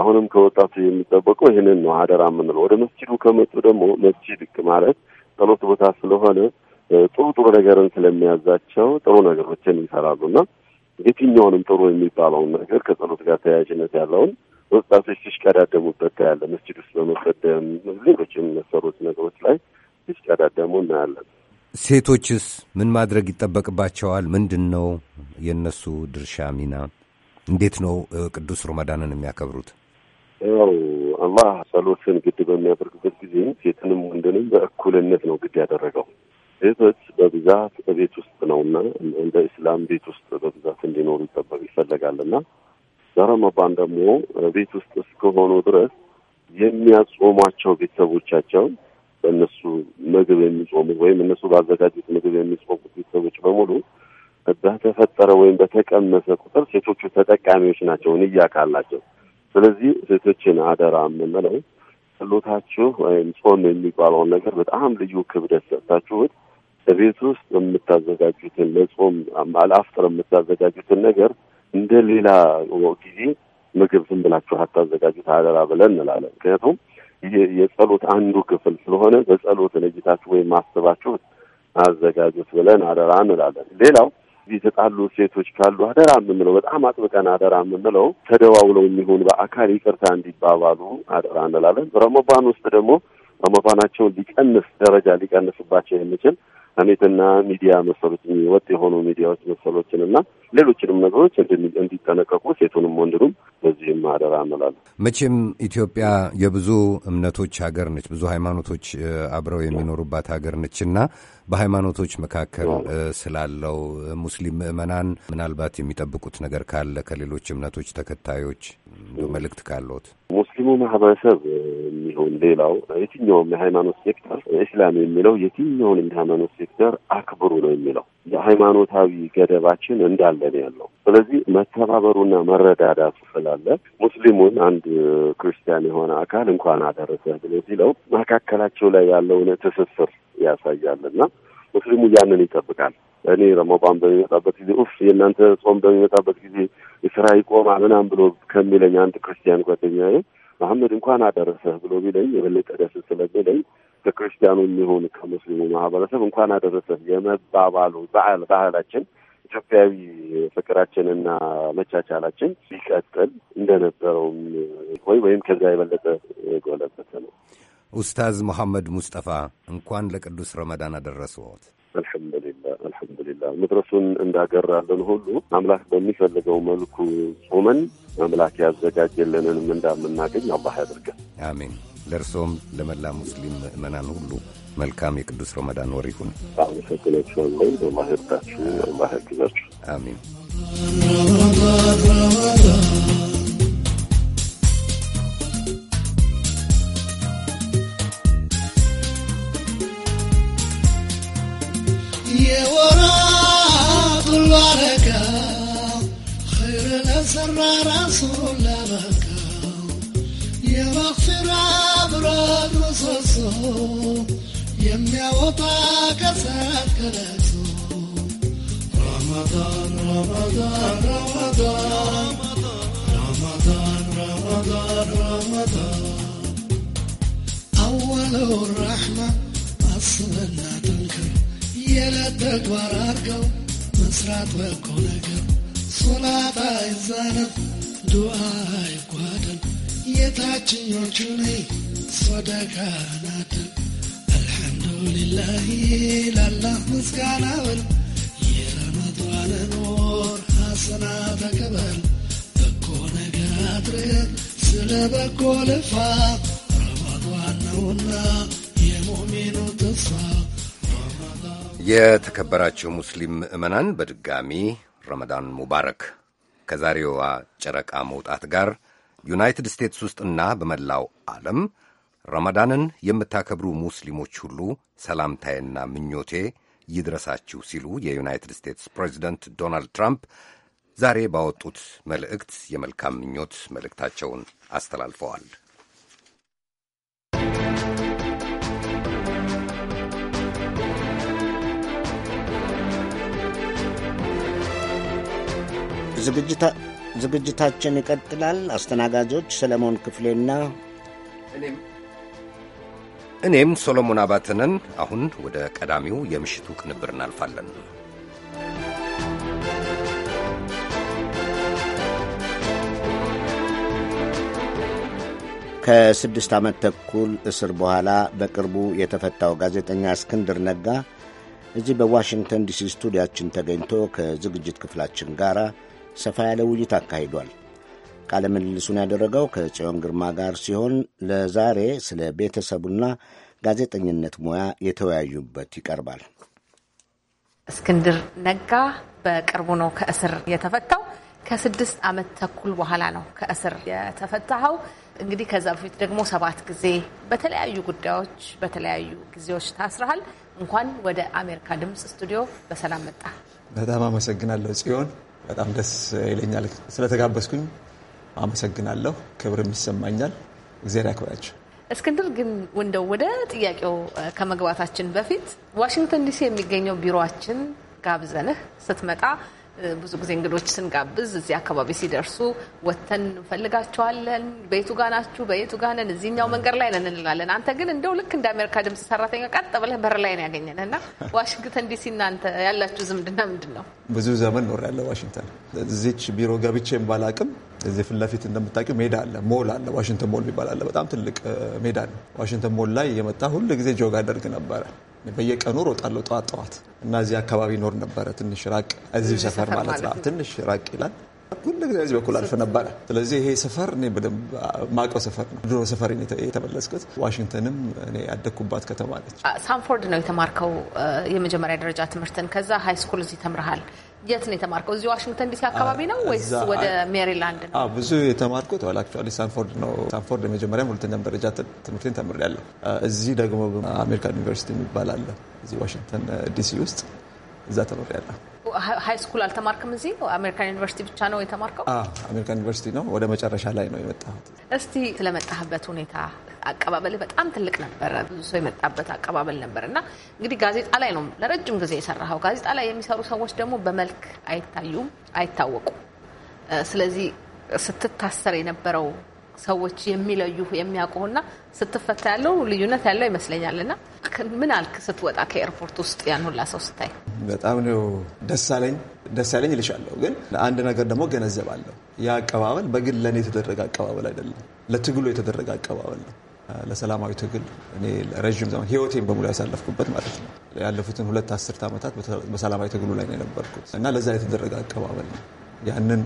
አሁንም ከወጣቱ የሚጠበቀው ይህንን ነው፣ አደራ የምንለው ወደ መስጅዱ ከመጡ ደግሞ መስጅድ ማለት ጸሎት ቦታ ስለሆነ ጥሩ ጥሩ ነገርን ስለሚያዛቸው ጥሩ ነገሮችን ይሰራሉና የትኛውንም ጥሩ የሚባለውን ነገር ከጸሎት ጋር ተያያዥነት ያለውን ወጣቶች ሲሽቀዳደሙበት ታያለ። መስጅድ ውስጥ በመቀደም ሌሎችም የሚመሰሩት ነገሮች ላይ ሲሽቀዳደሙ እናያለን። ሴቶችስ ምን ማድረግ ይጠበቅባቸዋል? ምንድን ነው የእነሱ ድርሻ ሚና? እንዴት ነው ቅዱስ ሮመዳንን የሚያከብሩት? ያው አላህ ጸሎትን ግድ በሚያደርግበት ጊዜ ሴትንም ወንድንም በእኩልነት ነው ግድ ያደረገው። ሴቶች በብዛት ቤት ውስጥ ነውና እንደ እስላም ቤት ውስጥ በብዛት እንዲኖሩ ይጠበቅ ይፈለጋልና በረመዳን ደግሞ ቤት ውስጥ እስከሆኑ ድረስ የሚያጾሟቸው ቤተሰቦቻቸው በእነሱ ምግብ የሚጾሙ ወይም እነሱ ባዘጋጁት ምግብ የሚጾሙት ቤተሰቦች በሙሉ በተፈጠረ ወይም በተቀመሰ ቁጥር ሴቶቹ ተጠቃሚዎች ናቸው፣ ንያ ካላቸው። ስለዚህ ሴቶችን አደራ የምንለው ጸሎታችሁ ወይም ጾም የሚባለውን ነገር በጣም ልዩ ክብደት ሰጥታችሁት በቤት ውስጥ የምታዘጋጁትን ለጾም አልአፍጥር የምታዘጋጁትን ነገር እንደ ሌላ ጊዜ ምግብ ዝም ብላችሁ አታዘጋጁት አደራ ብለን እንላለን። ምክንያቱም የጸሎት አንዱ ክፍል ስለሆነ በጸሎት ለጌታችሁ ወይም አስባችሁ አዘጋጁት ብለን አደራ እንላለን። ሌላው የተጣሉ ሴቶች ካሉ አደራ የምንለው በጣም አጥብቀን አደራ የምንለው ተደዋውለው የሚሆን በአካል ይቅርታ እንዲባባሉ አደራ እንላለን። ረመባን ውስጥ ደግሞ ረመባናቸውን ሊቀንስ ደረጃ ሊቀንስባቸው የሚችል አሜትና ሚዲያ መሰሉት ወጥ የሆኑ ሚዲያዎች መሰሎችን እና ሌሎችንም ነገሮች እንዲጠነቀቁ ሴቱንም ወንድሩም በዚህም አደራ አመላለሁ። መቼም ኢትዮጵያ የብዙ እምነቶች ሀገር ነች፣ ብዙ ሃይማኖቶች አብረው የሚኖሩባት ሀገር ነች እና በሃይማኖቶች መካከል ስላለው ሙስሊም ምዕመናን ምናልባት የሚጠብቁት ነገር ካለ ከሌሎች እምነቶች ተከታዮች መልእክት ካለት ሙስሊሙ ማህበረሰብ የሚሆን ሌላው የትኛውም የሃይማኖት ሴክተር እስላም የሚለው የትኛውን የሃይማኖት ሴክተር አክብሩ ነው የሚለው የሃይማኖታዊ ገደባችን እንዳለን ያለው። ስለዚህ መተባበሩና መረዳዳቱ ስላለ ሙስሊሙን አንድ ክርስቲያን የሆነ አካል እንኳን አደረሰህ ብሎ ሲለው መካከላቸው ላይ ያለውን ትስስር ያሳያልና ሙስሊሙ ያንን ይጠብቃል። እኔ ረመዳን በሚመጣበት ጊዜ ኡፍ የእናንተ ጾም በሚመጣበት ጊዜ ስራ ይቆማ ምናም ብሎ ከሚለኝ አንድ ክርስቲያን ጓደኛዬ መሐመድ እንኳን አደረሰህ ብሎ ቢለኝ የበለጠ ደስ ስለሚለኝ ከክርስቲያኑ የሚሆን ከሙስሊሙ ማህበረሰብ እንኳን አደረሰህ የመባባሉ በዓል ባህላችን ኢትዮጵያዊ ፍቅራችንና መቻቻላችን ሊቀጥል እንደነበረውም ወይ ወይም ከዛ የበለጠ የጎለበተ ነው። ኡስታዝ መሐመድ ሙስጠፋ እንኳን ለቅዱስ ረመዳን አደረስዎት። አልሐምዱሊላህ አልሐምዱሊላህ መድረሱን እንዳገር ሁሉ አምላክ በሚፈልገው መልኩ ጾመን አምላክ ያዘጋጀልንንም እንዳምናገኝ አላህ ያድርገን። አሜን። ለእርሶም ለመላ ሙስሊም ምእመናን ሁሉ መልካም የቅዱስ ረመዳን ወር ይሁን። አመሰግናችኋለሁ። አላህ ይርዳችሁ፣ አሜን። Ramadan, Ramadan, Ramadan, Ramadan. أوله الرحمة أصلنا تنكر يلا تكبر أرقو مسرات بكو نكر صلاة إزالة دعاء يقادل يتاچن يوچني صدقا ناتل الحمد لله لله مسكانا يا رمضان نور የተከበራቸው በጎ ነገር አድርግ ስለ በጎ ልፋ ተስፋ ሙስሊም ምዕመናን በድጋሚ ረመዳን ሙባረክ። ከዛሬዋ ጨረቃ መውጣት ጋር ዩናይትድ ስቴትስ ውስጥና በመላው ዓለም ረመዳንን የምታከብሩ ሙስሊሞች ሁሉ ሰላምታዬና ምኞቴ ይድረሳችሁ ሲሉ የዩናይትድ ስቴትስ ፕሬዚደንት ዶናልድ ትራምፕ ዛሬ ባወጡት መልእክት የመልካም ምኞት መልእክታቸውን አስተላልፈዋል። ዝግጅታችን ይቀጥላል። አስተናጋጆች ሰለሞን ክፍሌና እኔም እኔም ሶሎሞን አባተነን። አሁን ወደ ቀዳሚው የምሽቱ ቅንብር እናልፋለን። ከስድስት ዓመት ተኩል እስር በኋላ በቅርቡ የተፈታው ጋዜጠኛ እስክንድር ነጋ እዚህ በዋሽንግተን ዲሲ ስቱዲያችን ተገኝቶ ከዝግጅት ክፍላችን ጋር ሰፋ ያለ ውይይት አካሂዷል። ቃለ ምልልሱን ያደረገው ከጽዮን ግርማ ጋር ሲሆን ለዛሬ ስለ ቤተሰቡና ጋዜጠኝነት ሙያ የተወያዩበት ይቀርባል። እስክንድር ነጋ በቅርቡ ነው ከእስር የተፈታው። ከስድስት ዓመት ተኩል በኋላ ነው ከእስር የተፈታኸው። እንግዲህ ከዛ በፊት ደግሞ ሰባት ጊዜ በተለያዩ ጉዳዮች በተለያዩ ጊዜዎች ታስረሃል። እንኳን ወደ አሜሪካ ድምፅ ስቱዲዮ በሰላም መጣ። በጣም አመሰግናለሁ ጽዮን፣ በጣም ደስ ይለኛል ስለተጋበዝኩኝ አመሰግናለሁ። ክብርም ይሰማኛል። እግዚአብሔር ያክብራቸው። እስክንድር ግን እንደው ወደ ጥያቄው ከመግባታችን በፊት ዋሽንግተን ዲሲ የሚገኘው ቢሮችን ጋብዘንህ ስትመጣ ብዙ ጊዜ እንግዶች ስንጋብዝ እዚህ አካባቢ ሲደርሱ ወተን እንፈልጋቸዋለን። በየቱ ጋ ናችሁ? በየቱ ጋ ነን? እዚህኛው መንገድ ላይ ነን እንላለን። አንተ ግን እንደው ልክ እንደ አሜሪካ ድምፅ ሰራተኛ ቀጥ ብለህ በር ላይ ነው ያገኘን እና ዋሽንግተን ዲሲ እናንተ ያላችሁ ዝምድና ምንድን ነው? ብዙ ዘመን ኖር ያለ ዋሽንግተን እዚች ቢሮ ገብቼ ባላቅም እዚህ ፊት ለፊት እንደምታውቂው ሜዳ አለ፣ ሞል አለ። ዋሽንግተን ሞል ይባላል። በጣም ትልቅ ሜዳ ነው። ዋሽንግተን ሞል ላይ የመጣ ሁሉ ጊዜ ጆግ አደርግ ነበረ በየቀኑ ሮጣለሁ ጠዋት ጠዋት እና እዚህ አካባቢ ኖር ነበረ። ትንሽ ራቅ እዚህ ሰፈር ማለት ነው፣ ትንሽ ራቅ ይላል። ሁሉ ጊዜ በዚህ በኩል አልፈ ነበረ። ስለዚህ ይሄ ሰፈር እኔ በደንብ ማውቀው ሰፈር ነው። ድሮ ሰፈር የተመለስኩት ዋሽንግተንም እኔ ያደግኩባት ከተማ ነች። ሳንፎርድ ነው የተማርከው የመጀመሪያ ደረጃ ትምህርትን፣ ከዛ ሃይ ስኩል እዚህ ተምርሃል። የት ነው የተማርከው? እዚህ ዋሽንግተን ዲሲ አካባቢ ነው ወይስ ወደ ሜሪላንድ ነው? ብዙ የተማርኩት ዋላ አክቹዋሊ ሳንፎርድ ነው። ሳንፎርድ የመጀመሪያም ሁለተኛም ደረጃ ትምህርቴን ተምሬያለሁ። እዚህ ደግሞ አሜሪካን ዩኒቨርሲቲ የሚባል አለ እዚህ ዋሽንግተን ዲሲ ውስጥ እዛ ያለ ሀይ ስኩል አልተማርክም? እዚህ አሜሪካን ዩኒቨርሲቲ ብቻ ነው የተማርከው? አሜሪካን ዩኒቨርሲቲ ነው። ወደ መጨረሻ ላይ ነው የመጣሁት። እስቲ ስለመጣህበት ሁኔታ አቀባበል በጣም ትልቅ ነበረ። ብዙ ሰው የመጣበት አቀባበል ነበር እና እንግዲህ ጋዜጣ ላይ ነው ለረጅም ጊዜ የሰራኸው። ጋዜጣ ላይ የሚሰሩ ሰዎች ደግሞ በመልክ አይታዩም፣ አይታወቁም። ስለዚህ ስትታሰር የነበረው ሰዎች የሚለዩ የሚያውቁና ስትፈታ ያለው ልዩነት ያለው ይመስለኛል። ና ምን አልክ ስትወጣ ከኤርፖርት ውስጥ ያን ሁላ ሰው ስታይ? በጣም ነው ደስ አለኝ ደስ ያለኝ ይልሻለሁ። ግን አንድ ነገር ደግሞ ገነዘባለሁ። ያ አቀባበል በግል ለእኔ የተደረገ አቀባበል አይደለም፣ ለትግሉ የተደረገ አቀባበል ነው። ለሰላማዊ ትግል እኔ ረዥም ዘመን ህይወቴን በሙሉ ያሳለፍኩበት ማለት ነው። ያለፉትን ሁለት አስርት ዓመታት በሰላማዊ ትግሉ ላይ ነው የነበርኩት እና ለዛ የተደረገ አቀባበል ነው። ያንን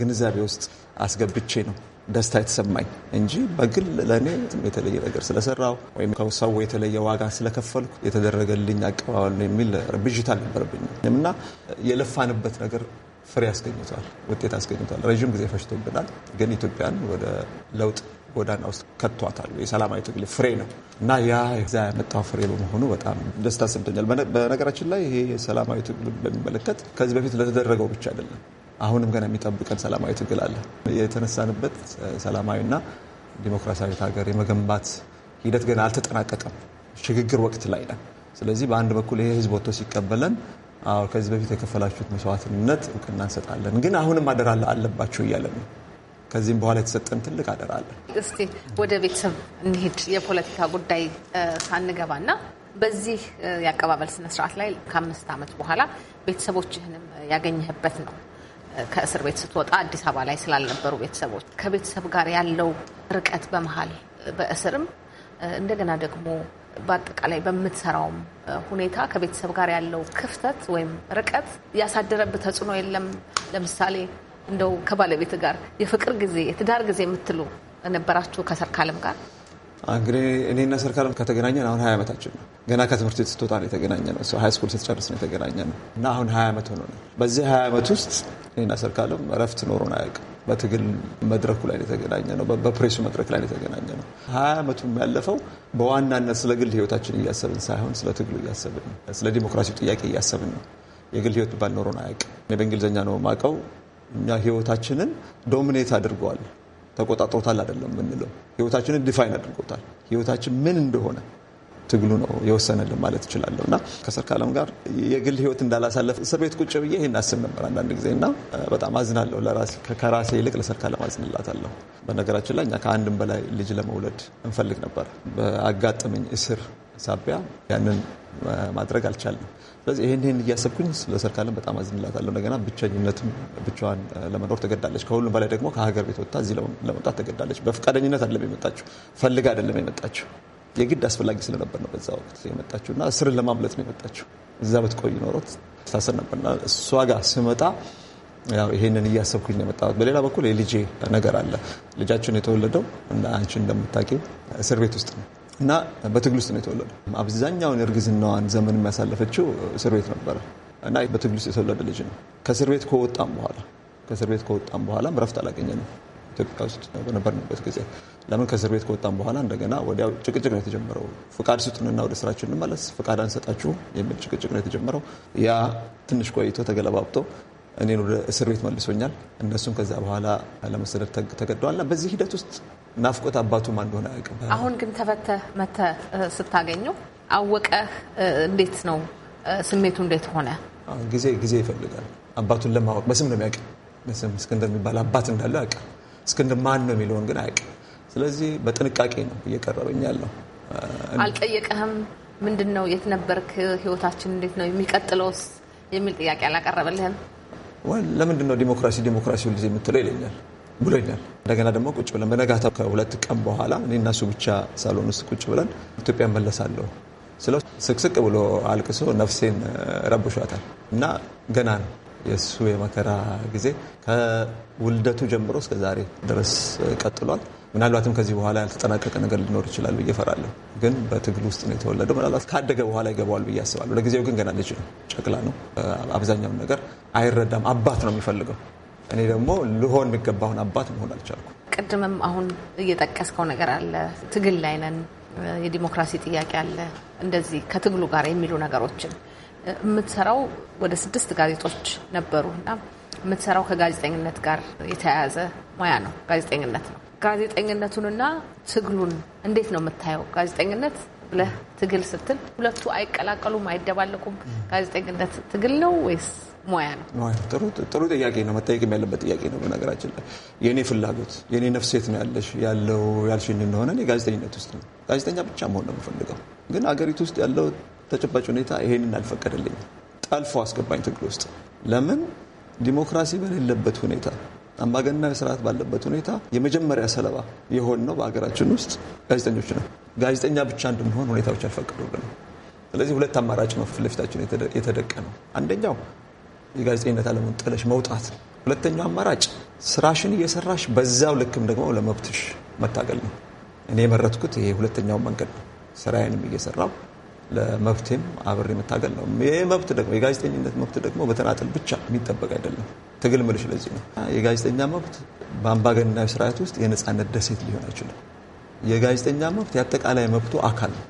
ግንዛቤ ውስጥ አስገብቼ ነው ደስታ የተሰማኝ እንጂ በግል ለእኔ የተለየ ነገር ስለሰራው ወይም ከሰው የተለየ ዋጋ ስለከፈልኩ የተደረገልኝ አቀባበል የሚል ብዥታ አልነበረብኝ እና የለፋንበት ነገር ፍሬ አስገኝቷል፣ ውጤት አስገኝቷል። ረዥም ጊዜ ፈጅቶብናል፣ ግን ኢትዮጵያን ወደ ለውጥ ጎዳና ውስጥ ከቷታል። የሰላማዊ ትግል ፍሬ ነው እና ያ ዛ ያመጣው ፍሬ በመሆኑ በጣም ደስታ ሰምቶኛል። በነገራችን ላይ ይሄ የሰላማዊ ትግል በሚመለከት ከዚህ በፊት ለተደረገው ብቻ አይደለም አሁንም ገና የሚጠብቀን ሰላማዊ ትግል አለ። የተነሳንበት ሰላማዊና ዲሞክራሲያዊ ሀገር የመገንባት ሂደት ገና አልተጠናቀቀም። ሽግግር ወቅት ላይ ነን። ስለዚህ በአንድ በኩል ይሄ ህዝብ ወጥቶ ሲቀበለን ከዚህ በፊት የከፈላችሁት መስዋዕትነት እውቅና እንሰጣለን፣ ግን አሁንም አደራ አለባችሁ እያለን ነው። ከዚህም በኋላ የተሰጠን ትልቅ አደራ አለ። እስቲ ወደ ቤተሰብ እንሂድ። የፖለቲካ ጉዳይ ሳንገባና በዚህ የአቀባበል ስነስርዓት ላይ ከአምስት ዓመት በኋላ ቤተሰቦችህንም ያገኘህበት ነው ከእስር ቤት ስትወጣ አዲስ አበባ ላይ ስላልነበሩ ቤተሰቦች ከቤተሰብ ጋር ያለው ርቀት በመሀል በእስርም እንደገና ደግሞ በአጠቃላይ በምትሰራውም ሁኔታ ከቤተሰብ ጋር ያለው ክፍተት ወይም ርቀት ያሳደረብህ ተጽዕኖ የለም? ለምሳሌ እንደው ከባለቤት ጋር የፍቅር ጊዜ የትዳር ጊዜ የምትሉ ነበራችሁ? ከሰርካለም ጋር እንግዲህ እኔና ሰርካለም ከተገናኘን አሁን ሀያ ዓመታችን ነው። ገና ከትምህርት ቤት ስትወጣ ነው የተገናኘ ነው። ሃይስኩል ስትጨርስ ነው የተገናኘ ነው እና አሁን ሀያ ዓመት ሆኖ ነው። በዚህ ሀያ ዓመት ውስጥ እኔና ሰርካለም እረፍት ኖሮን አያውቅም። በትግል መድረኩ ላይ የተገናኘ ነው። በፕሬሱ መድረክ ላይ የተገናኘ ነው። ሀያ ዓመቱም ያለፈው በዋናነት ስለ ግል ህይወታችን እያሰብን ሳይሆን ስለ ትግሉ እያሰብን ነው። ስለ ዲሞክራሲው ጥያቄ እያሰብን ነው። የግል ህይወት ባል ኖሮን አያውቅም። እኔ በእንግሊዝኛ ነው የማውቀው። እኛ ህይወታችንን ዶሚኔት አድርገዋል፣ ተቆጣጥሮታል አይደለም የምንለው ህይወታችንን ዲፋይን አድርጎታል። ህይወታችን ምን እንደሆነ ትግሉ ነው የወሰነልን ማለት እችላለሁ። እና ከሰርካለም ጋር የግል ህይወት እንዳላሳለፍ እስር ቤት ቁጭ ብዬ ይህን አስብ ነበር አንዳንድ ጊዜ እና በጣም አዝናለሁ። ከራሴ ይልቅ ለሰርካለም አዝንላታለሁ። በነገራችን ላይ እኛ ከአንድም በላይ ልጅ ለመውለድ እንፈልግ ነበር። በአጋጠመኝ እስር ሳቢያ ያንን ማድረግ አልቻለም። ስለዚህ ይህን ይህን እያሰብኩኝ ስለሰርካለም በጣም አዝንላታለሁ። እንደገና ብቸኝነትም ብቻዋን ለመኖር ተገዳለች። ከሁሉም በላይ ደግሞ ከሀገር ቤት ወጥታ እዚህ ለመምጣት ተገዳለች። በፍቃደኝነት አይደለም የመጣችው፣ ፈልጋ አይደለም የመጣችው የግድ አስፈላጊ ስለነበር ነው በዛ ወቅት የመጣችው እና እስርን ለማምለጥ ነው የመጣችው። እዛ ብትቆይ ኖሮት ታሰር ነበርና እሷ ጋር ስመጣ ይሄንን እያሰብኩኝ ነው የመጣሁት። በሌላ በኩል የልጄ ነገር አለ። ልጃችን የተወለደው እና አንቺ እንደምታውቂው እስር ቤት ውስጥ ነው እና በትግል ውስጥ ነው የተወለደው። አብዛኛውን እርግዝናዋን ዘመን የሚያሳለፈችው እስር ቤት ነበረ እና በትግል ውስጥ የተወለደ ልጅ ነው። ከእስር ቤት ከወጣም በኋላ ከእስር ቤት ከወጣም በኋላም እረፍት አላገኘንም ኢትዮጵያ ውስጥ በነበርንበት ጊዜ ለምን ከእስር ቤት ከወጣን በኋላ እንደገና ወዲያው ጭቅጭቅ ነው የተጀመረው። ፍቃድ ስጡንና ወደ ስራችን እንመለስ፣ ፍቃድ አንሰጣችሁ የሚል ጭቅጭቅ ነው የተጀመረው። ያ ትንሽ ቆይቶ ተገለባብጦ እኔን ወደ እስር ቤት መልሶኛል። እነሱም ከዛ በኋላ ለመሰደድ ተገደዋልና በዚህ ሂደት ውስጥ ናፍቆት ማን እንደሆነ አያውቅም። አሁን ግን ተፈተ መተ ስታገኘው አወቀ። እንዴት ነው ስሜቱ? እንዴት ሆነ? ጊዜ ጊዜ ይፈልጋል። አባቱን ለማወቅ በስም ነው የሚያውቅ። በስም እስክንድር የሚባል አባት እንዳለው ያውቃል። እስክንድር ማን ነው የሚለውን ግን አያውቅም። ስለዚህ በጥንቃቄ ነው እየቀረበኝ ያለው። አልጠየቀህም? ምንድን ነው የት ነበርክ? ህይወታችን እንዴት ነው የሚቀጥለውስ? የሚል ጥያቄ አላቀረበልህም? ለምንድን ነው ዲሞክራሲ ዲሞክራሲ ሁልጊዜ የምትለው ይለኛል ብሎኛል። እንደገና ደግሞ ቁጭ ብለን በነጋታ ከሁለት ቀን በኋላ እኔ እና እሱ ብቻ ሳሎን ውስጥ ቁጭ ብለን ኢትዮጵያ እመለሳለሁ ስለ ስቅስቅ ብሎ አልቅሶ ነፍሴን ረብሿታል። እና ገና ነው የእሱ የመከራ ጊዜ ከውልደቱ ጀምሮ እስከ ዛሬ ድረስ ቀጥሏል። ምናልባትም ከዚህ በኋላ ያልተጠናቀቀ ነገር ሊኖር ይችላል ብዬ ፈራለሁ። ግን በትግል ውስጥ ነው የተወለደው። ምናልባት ካደገ በኋላ ይገባዋል ብዬ አስባለሁ። ለጊዜው ግን ገና ልጅ ነው፣ ጨቅላ ነው። አብዛኛውን ነገር አይረዳም። አባት ነው የሚፈልገው። እኔ ደግሞ ልሆን የሚገባውን አባት መሆን አልቻልኩ። ቅድምም አሁን እየጠቀስከው ነገር አለ። ትግል ላይ ነን፣ የዲሞክራሲ ጥያቄ አለ። እንደዚህ ከትግሉ ጋር የሚሉ ነገሮችን የምትሰራው ወደ ስድስት ጋዜጦች ነበሩ እና የምትሰራው ከጋዜጠኝነት ጋር የተያያዘ ሙያ ነው፣ ጋዜጠኝነት ነው። ጋዜጠኝነቱንና ትግሉን እንዴት ነው የምታየው? ጋዜጠኝነት ብለህ ትግል ስትል ሁለቱ አይቀላቀሉም፣ አይደባለቁም? ጋዜጠኝነት ትግል ነው ወይስ ሙያ ነው? ጥሩ ጥያቄ ነው። መጠየቅም ያለበት ጥያቄ ነው። በነገራችን ላይ የእኔ ፍላጎት የእኔ ነፍሴት ነው ያለሽ ያለው ያልሽኝ እንደሆነ እኔ ጋዜጠኝነት ውስጥ ነው ጋዜጠኛ ብቻ መሆን ነው የምፈልገው። ግን አገሪቱ ውስጥ ያለው ተጨባጭ ሁኔታ ይሄንን አልፈቀደልኝም። ጠልፎ አስገባኝ ትግል ውስጥ ለምን ዲሞክራሲ በሌለበት ሁኔታ አምባገነናዊ ስርዓት ባለበት ሁኔታ የመጀመሪያ ሰለባ የሆን ነው በሀገራችን ውስጥ ጋዜጠኞች ነው። ጋዜጠኛ ብቻ እንድንሆን ሁኔታዎች አልፈቀዱልንም። ስለዚህ ሁለት አማራጭ ነው ፊት ለፊታችን የተደቀነው። አንደኛው የጋዜጠኝነት አለሙን ጥለሽ መውጣት ነው። ሁለተኛው አማራጭ ስራሽን እየሰራሽ በዛው ልክም ደግሞ ለመብትሽ መታገል ነው። እኔ የመረጥኩት ይሄ ሁለተኛው መንገድ ነው። ስራዬንም እየሰራው ለመብቴም አብሬ የምታገል ነው። ይህ መብት ደግሞ የጋዜጠኝነት መብት ደግሞ በተናጠል ብቻ የሚጠበቅ አይደለም። ትግል ምልሽ ለዚህ ነው የጋዜጠኛ መብት በአምባገነናዊ ስርዓት ውስጥ የነፃነት ደሴት ሊሆን አይችልም። የጋዜጠኛ መብት የአጠቃላይ መብቱ አካል ነው።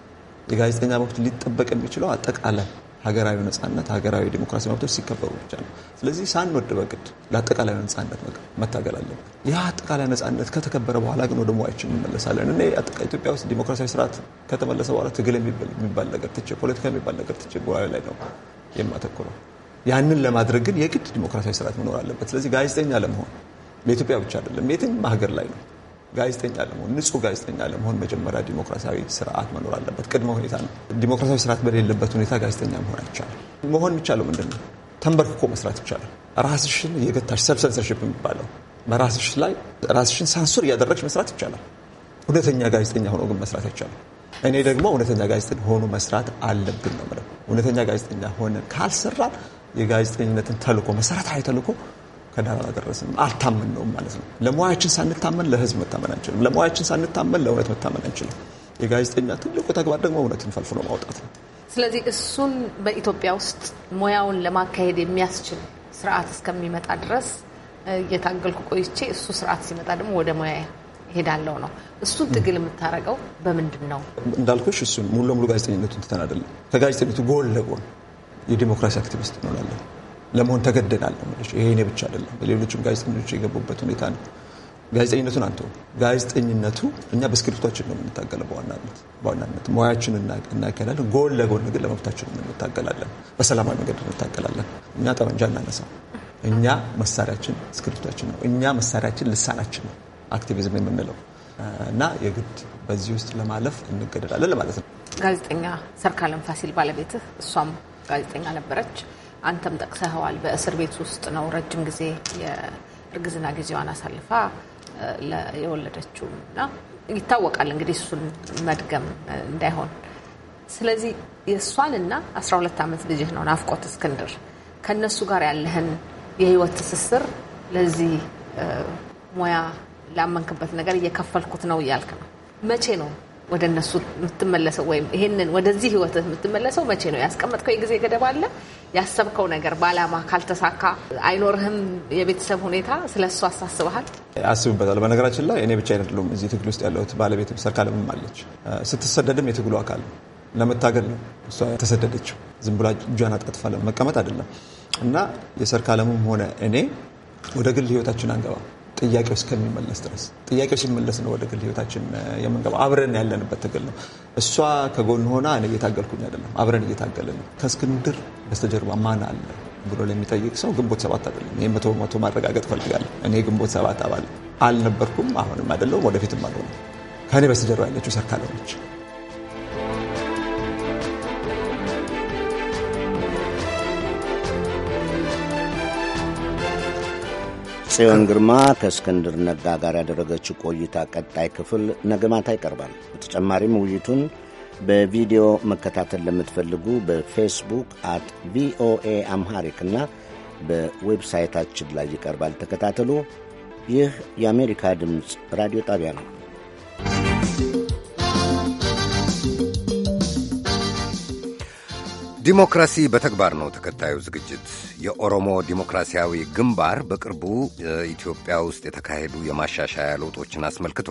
የጋዜጠኛ መብት ሊጠበቅ የሚችለው አጠቃላይ ሀገራዊ ነጻነት፣ ሀገራዊ ዲሞክራሲ መብቶች ሲከበሩ ብቻ ነው። ስለዚህ ሳንወድ በግድ ለአጠቃላይ ነጻነት መታገል አለን። ያ አጠቃላይ ነጻነት ከተከበረ በኋላ ግን ወደ ሙያችን እንመለሳለን። እኔ ኢትዮጵያ ውስጥ ዲሞክራሲያዊ ስርዓት ከተመለሰ በኋላ ትግል የሚባል ነገር ትቼ፣ ፖለቲካ የሚባል ነገር ትቼ ሙያዊ ላይ ነው የማተኩረው። ያንን ለማድረግ ግን የግድ ዲሞክራሲያዊ ስርዓት መኖር አለበት። ስለዚህ ጋዜጠኛ ለመሆን ለኢትዮጵያ ብቻ አይደለም፣ የትም ሀገር ላይ ነው ጋዜጠኛ ለመሆን ንጹህ ጋዜጠኛ ለመሆን መጀመሪያ ዲሞክራሲያዊ ስርዓት መኖር አለበት። ቅድመ ሁኔታ ነው። ዲሞክራሲያዊ ስርዓት በሌለበት ሁኔታ ጋዜጠኛ መሆን አይቻልም። መሆን የሚቻለው ምንድን ነው? ተንበርክኮ መስራት ይቻላል። ራስሽን የገታሽ ሰልፍ ሰንሰርሽፕ የሚባለው በራስሽ ላይ ራስሽን ሳንሱር እያደረግሽ መስራት ይቻላል። እውነተኛ ጋዜጠኛ ሆኖ ግን መስራት አይቻልም። እኔ ደግሞ እውነተኛ ጋዜጠኛ ሆኖ መስራት አለብን ነው የምለው። እውነተኛ ጋዜጠኛ ሆነ ካልሰራ የጋዜጠኝነትን ተልዕኮ መሰረታዊ ተልዕኮ ከዳር አላደረስንም፣ አልታመን ነውም ማለት ነው። ለሙያችን ሳንታመን ለህዝብ መታመን አንችልም። ለሙያችን ሳንታመን ለእውነት መታመን አንችልም። የጋዜጠኛ ትልቁ ተግባር ደግሞ እውነትን ፈልፍሎ ማውጣት ነው። ስለዚህ እሱን በኢትዮጵያ ውስጥ ሙያውን ለማካሄድ የሚያስችል ስርዓት እስከሚመጣ ድረስ እየታገልኩ ቆይቼ እሱ ስርዓት ሲመጣ ደግሞ ወደ ሙያ ሄዳለው ነው። እሱን ትግል የምታረገው በምንድን ነው? እንዳልኩሽ እሱን ሙሉ ለሙሉ ጋዜጠኝነቱን ትተን አይደለም፣ ከጋዜጠኝነቱ ጎን ለጎን የዲሞክራሲ አክቲቪስት እንሆናለን። ለመሆን ተገደናል ይሄ እኔ ብቻ አይደለም፣ ሌሎችም ጋዜጠኞች የገቡበት ሁኔታ ነው። ጋዜጠኝነቱን አንተ ጋዜጠኝነቱ እኛ በስክሪፕቶችን ነው የምንታገለው በዋናነት በዋናነት ሙያችን እናካሄዳለን። ጎን ለጎን ግን ለመብታችን እንታገላለን። በሰላማዊ መንገድ እንታገላለን። እኛ ጠመንጃ እናነሳ። እኛ መሳሪያችን ስክሪፕቶችን ነው። እኛ መሳሪያችን ልሳናችን ነው አክቲቪዝም የምንለው እና የግድ በዚህ ውስጥ ለማለፍ እንገደዳለን ለማለት ነው። ጋዜጠኛ ሰርካለም ፋሲል ባለቤትህ እሷም ጋዜጠኛ ነበረች። አንተም ጠቅሰኸዋል። በእስር ቤት ውስጥ ነው ረጅም ጊዜ የእርግዝና ጊዜዋን አሳልፋ የወለደችው እና ይታወቃል እንግዲህ እሱን መድገም እንዳይሆን። ስለዚህ የእሷንና 12 ዓመት ልጅህ ነው ናፍቆት እስክንድር፣ ከእነሱ ጋር ያለህን የህይወት ትስስር ለዚህ ሙያ ላመንክበት ነገር እየከፈልኩት ነው እያልክ ነው። መቼ ነው ወደ እነሱ የምትመለሰው ወይም ይህንን ወደዚህ ህይወት የምትመለሰው መቼ ነው? ያስቀመጥከው የጊዜ ገደብ አለ? ያሰብከው ነገር በዓላማ ካልተሳካ አይኖርህም። የቤተሰብ ሁኔታ ስለ እሱ አሳስበሃል? አስብበታል። በነገራችን ላይ እኔ ብቻ አይደለሁም እዚህ ትግል ውስጥ ያለሁት፣ ባለቤት ሰርካለምም አለች። ስትሰደድም የትግሉ አካል ለመታገል ነው እሷ ተሰደደችው። ዝም ብላ እጇን አጣጥፋ ለመቀመጥ አይደለም እና የሰርካለምም ሆነ እኔ ወደ ግል ህይወታችን አንገባም። ጥያቄው እስከሚመለስ ድረስ ጥያቄው ሲመለስ ነው ወደ ግል ህይወታችን የምንገባው። አብረን ያለንበት ትግል ነው። እሷ ከጎን ሆና እኔ እየታገልኩኝ አይደለም፣ አብረን እየታገልን ነው። ከእስክንድር በስተጀርባ ማን አለ ብሎ ለሚጠይቅ ሰው ግንቦት ሰባት አይደለም። ይህ መቶ መቶ ማረጋገጥ ፈልጋለሁ። እኔ ግንቦት ሰባት አባል አልነበርኩም፣ አሁንም አይደለሁም፣ ወደፊትም አልሆነም። ከእኔ በስተጀርባ ያለችው ሰርካለሆነች ጽዮን ግርማ ከእስክንድር ነጋ ጋር ያደረገችው ቆይታ ቀጣይ ክፍል ነገ ማታ ይቀርባል። በተጨማሪም ውይይቱን በቪዲዮ መከታተል ለምትፈልጉ በፌስቡክ አት ቪኦኤ አምሃሪክ እና በዌብሳይታችን ላይ ይቀርባል። ተከታተሉ። ይህ የአሜሪካ ድምፅ ራዲዮ ጣቢያ ነው። ዲሞክራሲ በተግባር ነው ተከታዩ ዝግጅት። የኦሮሞ ዲሞክራሲያዊ ግንባር በቅርቡ ኢትዮጵያ ውስጥ የተካሄዱ የማሻሻያ ለውጦችን አስመልክቶ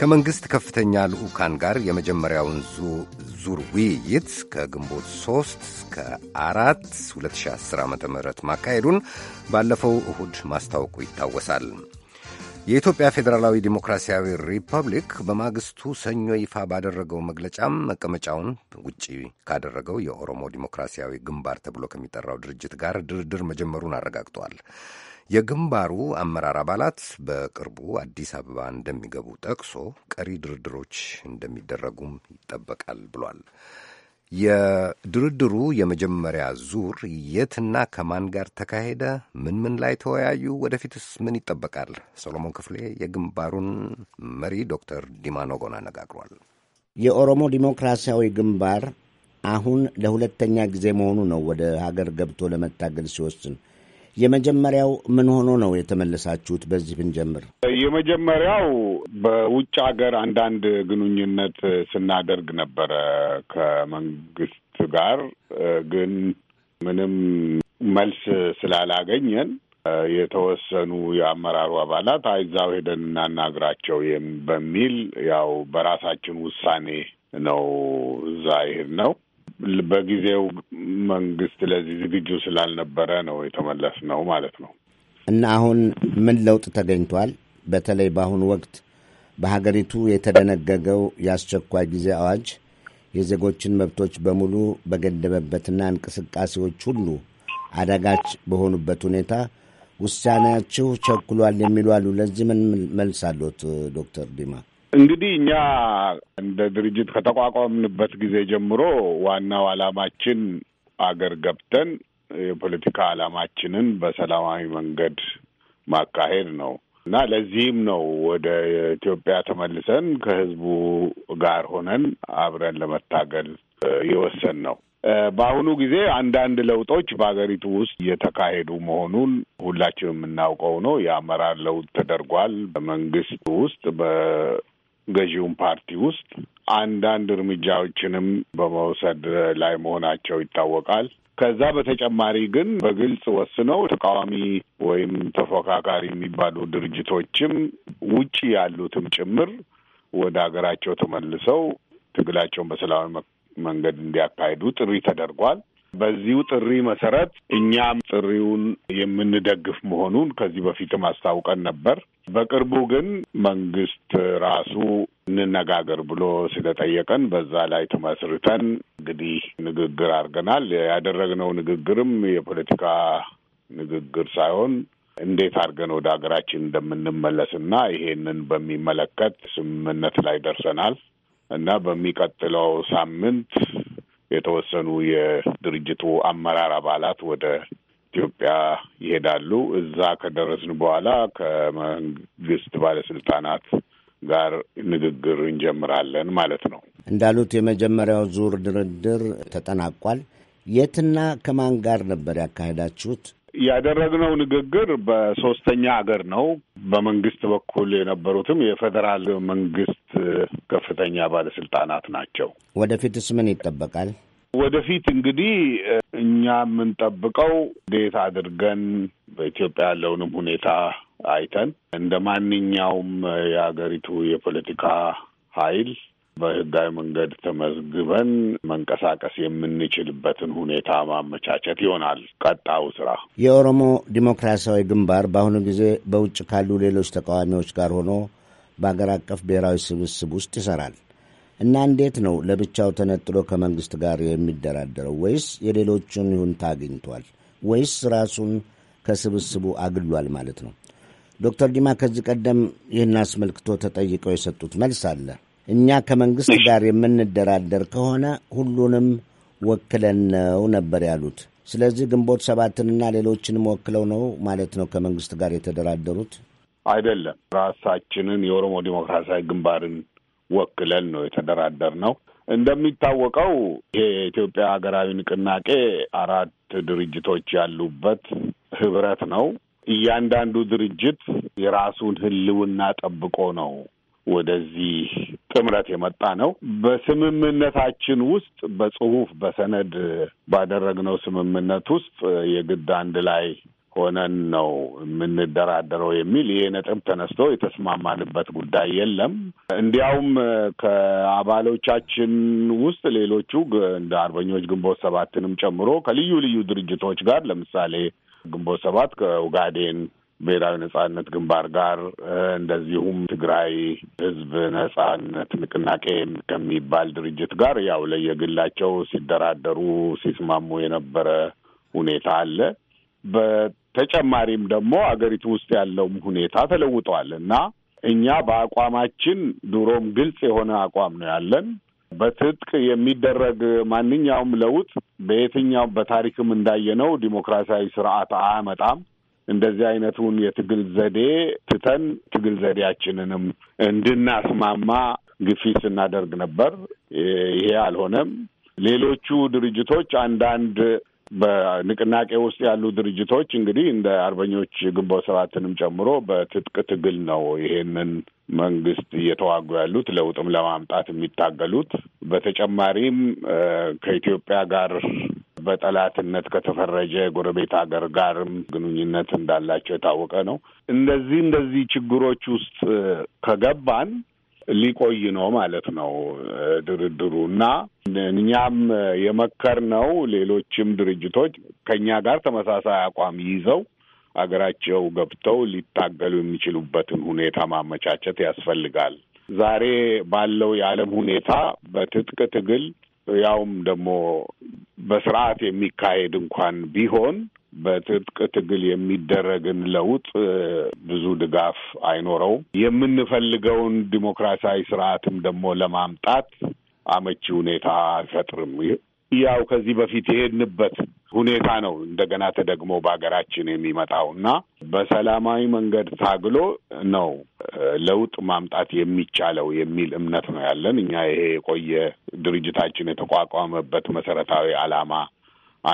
ከመንግሥት ከፍተኛ ልዑካን ጋር የመጀመሪያውን ዙር ውይይት ከግንቦት 3 እስከ 4 2010 ዓ ም ማካሄዱን ባለፈው እሁድ ማስታወቁ ይታወሳል። የኢትዮጵያ ፌዴራላዊ ዲሞክራሲያዊ ሪፐብሊክ በማግስቱ ሰኞ ይፋ ባደረገው መግለጫም መቀመጫውን ውጪ ካደረገው የኦሮሞ ዲሞክራሲያዊ ግንባር ተብሎ ከሚጠራው ድርጅት ጋር ድርድር መጀመሩን አረጋግጧል። የግንባሩ አመራር አባላት በቅርቡ አዲስ አበባ እንደሚገቡ ጠቅሶ ቀሪ ድርድሮች እንደሚደረጉም ይጠበቃል ብሏል። የድርድሩ የመጀመሪያ ዙር የትና ከማን ጋር ተካሄደ? ምን ምን ላይ ተወያዩ? ወደፊትስ ምን ይጠበቃል? ሰሎሞን ክፍሌ የግንባሩን መሪ ዶክተር ዲማኖ ጎን አነጋግሯል። የኦሮሞ ዲሞክራሲያዊ ግንባር አሁን ለሁለተኛ ጊዜ መሆኑ ነው ወደ ሀገር ገብቶ ለመታገል ሲወስን የመጀመሪያው ምን ሆኖ ነው የተመለሳችሁት? በዚህ ብንጀምር። የመጀመሪያው በውጭ ሀገር አንዳንድ ግንኙነት ስናደርግ ነበረ ከመንግስት ጋር ግን ምንም መልስ ስላላገኘን የተወሰኑ የአመራሩ አባላት አይዛው ሄደን እናናግራቸው በሚል ያው በራሳችን ውሳኔ ነው እዛ ይሄድ ነው በጊዜው መንግስት ለዚህ ዝግጁ ስላልነበረ ነው የተመለስነው ማለት ነው። እና አሁን ምን ለውጥ ተገኝቷል? በተለይ በአሁኑ ወቅት በሀገሪቱ የተደነገገው የአስቸኳይ ጊዜ አዋጅ የዜጎችን መብቶች በሙሉ በገደበበትና እንቅስቃሴዎች ሁሉ አዳጋች በሆኑበት ሁኔታ ውሳኔያችሁ ቸኩሏል የሚሉ አሉ። ለዚህ ምን መልስ አሉት ዶክተር ዲማ? እንግዲህ እኛ እንደ ድርጅት ከተቋቋምንበት ጊዜ ጀምሮ ዋናው ዓላማችን አገር ገብተን የፖለቲካ ዓላማችንን በሰላማዊ መንገድ ማካሄድ ነው እና ለዚህም ነው ወደ ኢትዮጵያ ተመልሰን ከህዝቡ ጋር ሆነን አብረን ለመታገል የወሰን ነው። በአሁኑ ጊዜ አንዳንድ ለውጦች በሀገሪቱ ውስጥ እየተካሄዱ መሆኑን ሁላችንም የምናውቀው ነው። የአመራር ለውጥ ተደርጓል። በመንግስት ውስጥ ገዢውን ፓርቲ ውስጥ አንዳንድ እርምጃዎችንም በመውሰድ ላይ መሆናቸው ይታወቃል። ከዛ በተጨማሪ ግን በግልጽ ወስነው ተቃዋሚ ወይም ተፎካካሪ የሚባሉ ድርጅቶችም ውጪ ያሉትም ጭምር ወደ ሀገራቸው ተመልሰው ትግላቸውን በሰላማዊ መንገድ እንዲያካሂዱ ጥሪ ተደርጓል። በዚሁ ጥሪ መሰረት እኛም ጥሪውን የምንደግፍ መሆኑን ከዚህ በፊትም አስታውቀን ነበር። በቅርቡ ግን መንግስት ራሱ እንነጋገር ብሎ ስለጠየቀን በዛ ላይ ተመስርተን እንግዲህ ንግግር አድርገናል። ያደረግነው ንግግርም የፖለቲካ ንግግር ሳይሆን እንዴት አድርገን ወደ ሀገራችን እንደምንመለስ እና ይሄንን በሚመለከት ስምምነት ላይ ደርሰናል እና በሚቀጥለው ሳምንት የተወሰኑ የድርጅቱ አመራር አባላት ወደ ኢትዮጵያ ይሄዳሉ። እዛ ከደረስን በኋላ ከመንግስት ባለስልጣናት ጋር ንግግር እንጀምራለን ማለት ነው። እንዳሉት የመጀመሪያው ዙር ድርድር ተጠናቋል። የትና ከማን ጋር ነበር ያካሄዳችሁት? ያደረግነው ንግግር በሶስተኛ ሀገር ነው። በመንግስት በኩል የነበሩትም የፌዴራል መንግስት ከፍተኛ ባለስልጣናት ናቸው። ወደፊትስ ምን ይጠበቃል? ወደፊት እንግዲህ እኛ የምንጠብቀው እንዴት አድርገን በኢትዮጵያ ያለውንም ሁኔታ አይተን እንደ ማንኛውም የሀገሪቱ የፖለቲካ ኃይል በህጋዊ መንገድ ተመዝግበን መንቀሳቀስ የምንችልበትን ሁኔታ ማመቻቸት ይሆናል ቀጣዩ ስራ። የኦሮሞ ዲሞክራሲያዊ ግንባር በአሁኑ ጊዜ በውጭ ካሉ ሌሎች ተቃዋሚዎች ጋር ሆኖ በአገር አቀፍ ብሔራዊ ስብስብ ውስጥ ይሰራል እና እንዴት ነው ለብቻው ተነጥሎ ከመንግስት ጋር የሚደራደረው? ወይስ የሌሎቹን ይሁንታ አግኝቷል? ወይስ ራሱን ከስብስቡ አግሏል ማለት ነው? ዶክተር ዲማ ከዚህ ቀደም ይህን አስመልክቶ ተጠይቀው የሰጡት መልስ አለ። እኛ ከመንግስት ጋር የምንደራደር ከሆነ ሁሉንም ወክለን ነው ነበር ያሉት። ስለዚህ ግንቦት ሰባትንና ሌሎችንም ወክለው ነው ማለት ነው ከመንግስት ጋር የተደራደሩት አይደለም። ራሳችንን የኦሮሞ ዴሞክራሲያዊ ግንባርን ወክለን ነው የተደራደር ነው። እንደሚታወቀው ይሄ የኢትዮጵያ ሀገራዊ ንቅናቄ አራት ድርጅቶች ያሉበት ህብረት ነው። እያንዳንዱ ድርጅት የራሱን ህልውና ጠብቆ ነው ወደዚህ ጥምረት የመጣ ነው። በስምምነታችን ውስጥ በጽሁፍ በሰነድ ባደረግነው ስምምነት ውስጥ የግድ አንድ ላይ ሆነን ነው የምንደራደረው የሚል ይሄ ነጥብ ተነስቶ የተስማማንበት ጉዳይ የለም። እንዲያውም ከአባሎቻችን ውስጥ ሌሎቹ እንደ አርበኞች ግንቦት ሰባትንም ጨምሮ ከልዩ ልዩ ድርጅቶች ጋር ለምሳሌ ግንቦት ሰባት ከኡጋዴን ብሔራዊ ነጻነት ግንባር ጋር እንደዚሁም ትግራይ ህዝብ ነጻነት ንቅናቄ ከሚባል ድርጅት ጋር ያው ለየግላቸው ሲደራደሩ ሲስማሙ የነበረ ሁኔታ አለ። በተጨማሪም ደግሞ አገሪቱ ውስጥ ያለውም ሁኔታ ተለውጧል እና እኛ በአቋማችን ድሮም ግልጽ የሆነ አቋም ነው ያለን። በትጥቅ የሚደረግ ማንኛውም ለውጥ በየትኛው በታሪክም እንዳየነው ዲሞክራሲያዊ ስርዓት አያመጣም። እንደዚህ አይነቱን የትግል ዘዴ ትተን ትግል ዘዴያችንንም እንድናስማማ ግፊት ስናደርግ ነበር። ይሄ አልሆነም። ሌሎቹ ድርጅቶች አንዳንድ በንቅናቄ ውስጥ ያሉ ድርጅቶች እንግዲህ እንደ አርበኞች ግንቦት ሰባትንም ጨምሮ በትጥቅ ትግል ነው ይሄንን መንግስት እየተዋጉ ያሉት ለውጥም ለማምጣት የሚታገሉት። በተጨማሪም ከኢትዮጵያ ጋር በጠላትነት ከተፈረጀ ጎረቤት ሀገር ጋርም ግንኙነት እንዳላቸው የታወቀ ነው። እንደዚህ እንደዚህ ችግሮች ውስጥ ከገባን ሊቆይ ነው ማለት ነው ድርድሩ እና እኛም የመከር ነው ሌሎችም ድርጅቶች ከእኛ ጋር ተመሳሳይ አቋም ይዘው አገራቸው ገብተው ሊታገሉ የሚችሉበትን ሁኔታ ማመቻቸት ያስፈልጋል። ዛሬ ባለው የዓለም ሁኔታ በትጥቅ ትግል ያውም ደግሞ በስርዓት የሚካሄድ እንኳን ቢሆን በትጥቅ ትግል የሚደረግን ለውጥ ብዙ ድጋፍ አይኖረውም። የምንፈልገውን ዲሞክራሲያዊ ስርዓትም ደግሞ ለማምጣት አመቺ ሁኔታ አይፈጥርም። ያው ከዚህ በፊት የሄድንበት ሁኔታ ነው እንደገና ተደግሞ በሀገራችን የሚመጣው እና በሰላማዊ መንገድ ታግሎ ነው ለውጥ ማምጣት የሚቻለው የሚል እምነት ነው ያለን። እኛ ይሄ የቆየ ድርጅታችን የተቋቋመበት መሰረታዊ ዓላማ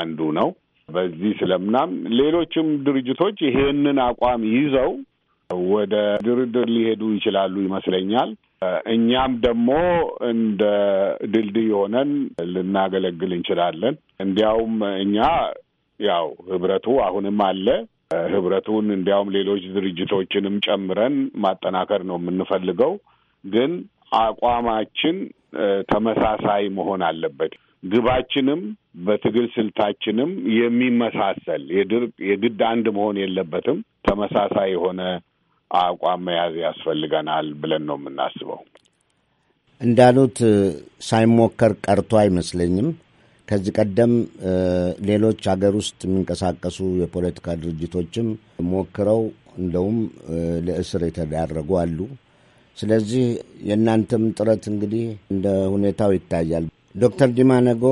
አንዱ ነው። በዚህ ስለምናም ሌሎችም ድርጅቶች ይሄንን አቋም ይዘው ወደ ድርድር ሊሄዱ ይችላሉ ይመስለኛል። እኛም ደግሞ እንደ ድልድይ ሆነን ልናገለግል እንችላለን። እንዲያውም እኛ ያው ህብረቱ አሁንም አለ። ህብረቱን እንዲያውም ሌሎች ድርጅቶችንም ጨምረን ማጠናከር ነው የምንፈልገው። ግን አቋማችን ተመሳሳይ መሆን አለበት። ግባችንም በትግል ስልታችንም የሚመሳሰል የድርቅ የግድ አንድ መሆን የለበትም። ተመሳሳይ የሆነ አቋም መያዝ ያስፈልገናል ብለን ነው የምናስበው። እንዳሉት ሳይሞከር ቀርቶ አይመስለኝም። ከዚህ ቀደም ሌሎች ሀገር ውስጥ የሚንቀሳቀሱ የፖለቲካ ድርጅቶችም ሞክረው እንደውም ለእስር የተዳረጉ አሉ። ስለዚህ የእናንተም ጥረት እንግዲህ እንደ ሁኔታው ይታያል። ዶክተር ዲማ ነጎ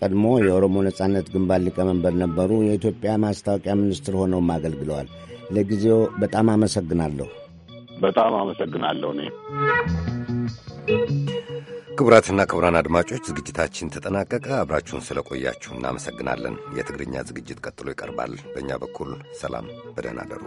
ቀድሞ የኦሮሞ ነጻነት ግንባር ሊቀመንበር ነበሩ። የኢትዮጵያ ማስታወቂያ ሚኒስትር ሆነውም አገልግለዋል። ለጊዜው በጣም አመሰግናለሁ። በጣም አመሰግናለሁ እኔ ክቡራትና ክቡራን አድማጮች ዝግጅታችን ተጠናቀቀ። አብራችሁን ስለቆያችሁ እናመሰግናለን። የትግርኛ ዝግጅት ቀጥሎ ይቀርባል። በእኛ በኩል ሰላም፣ በደህና አደሩ።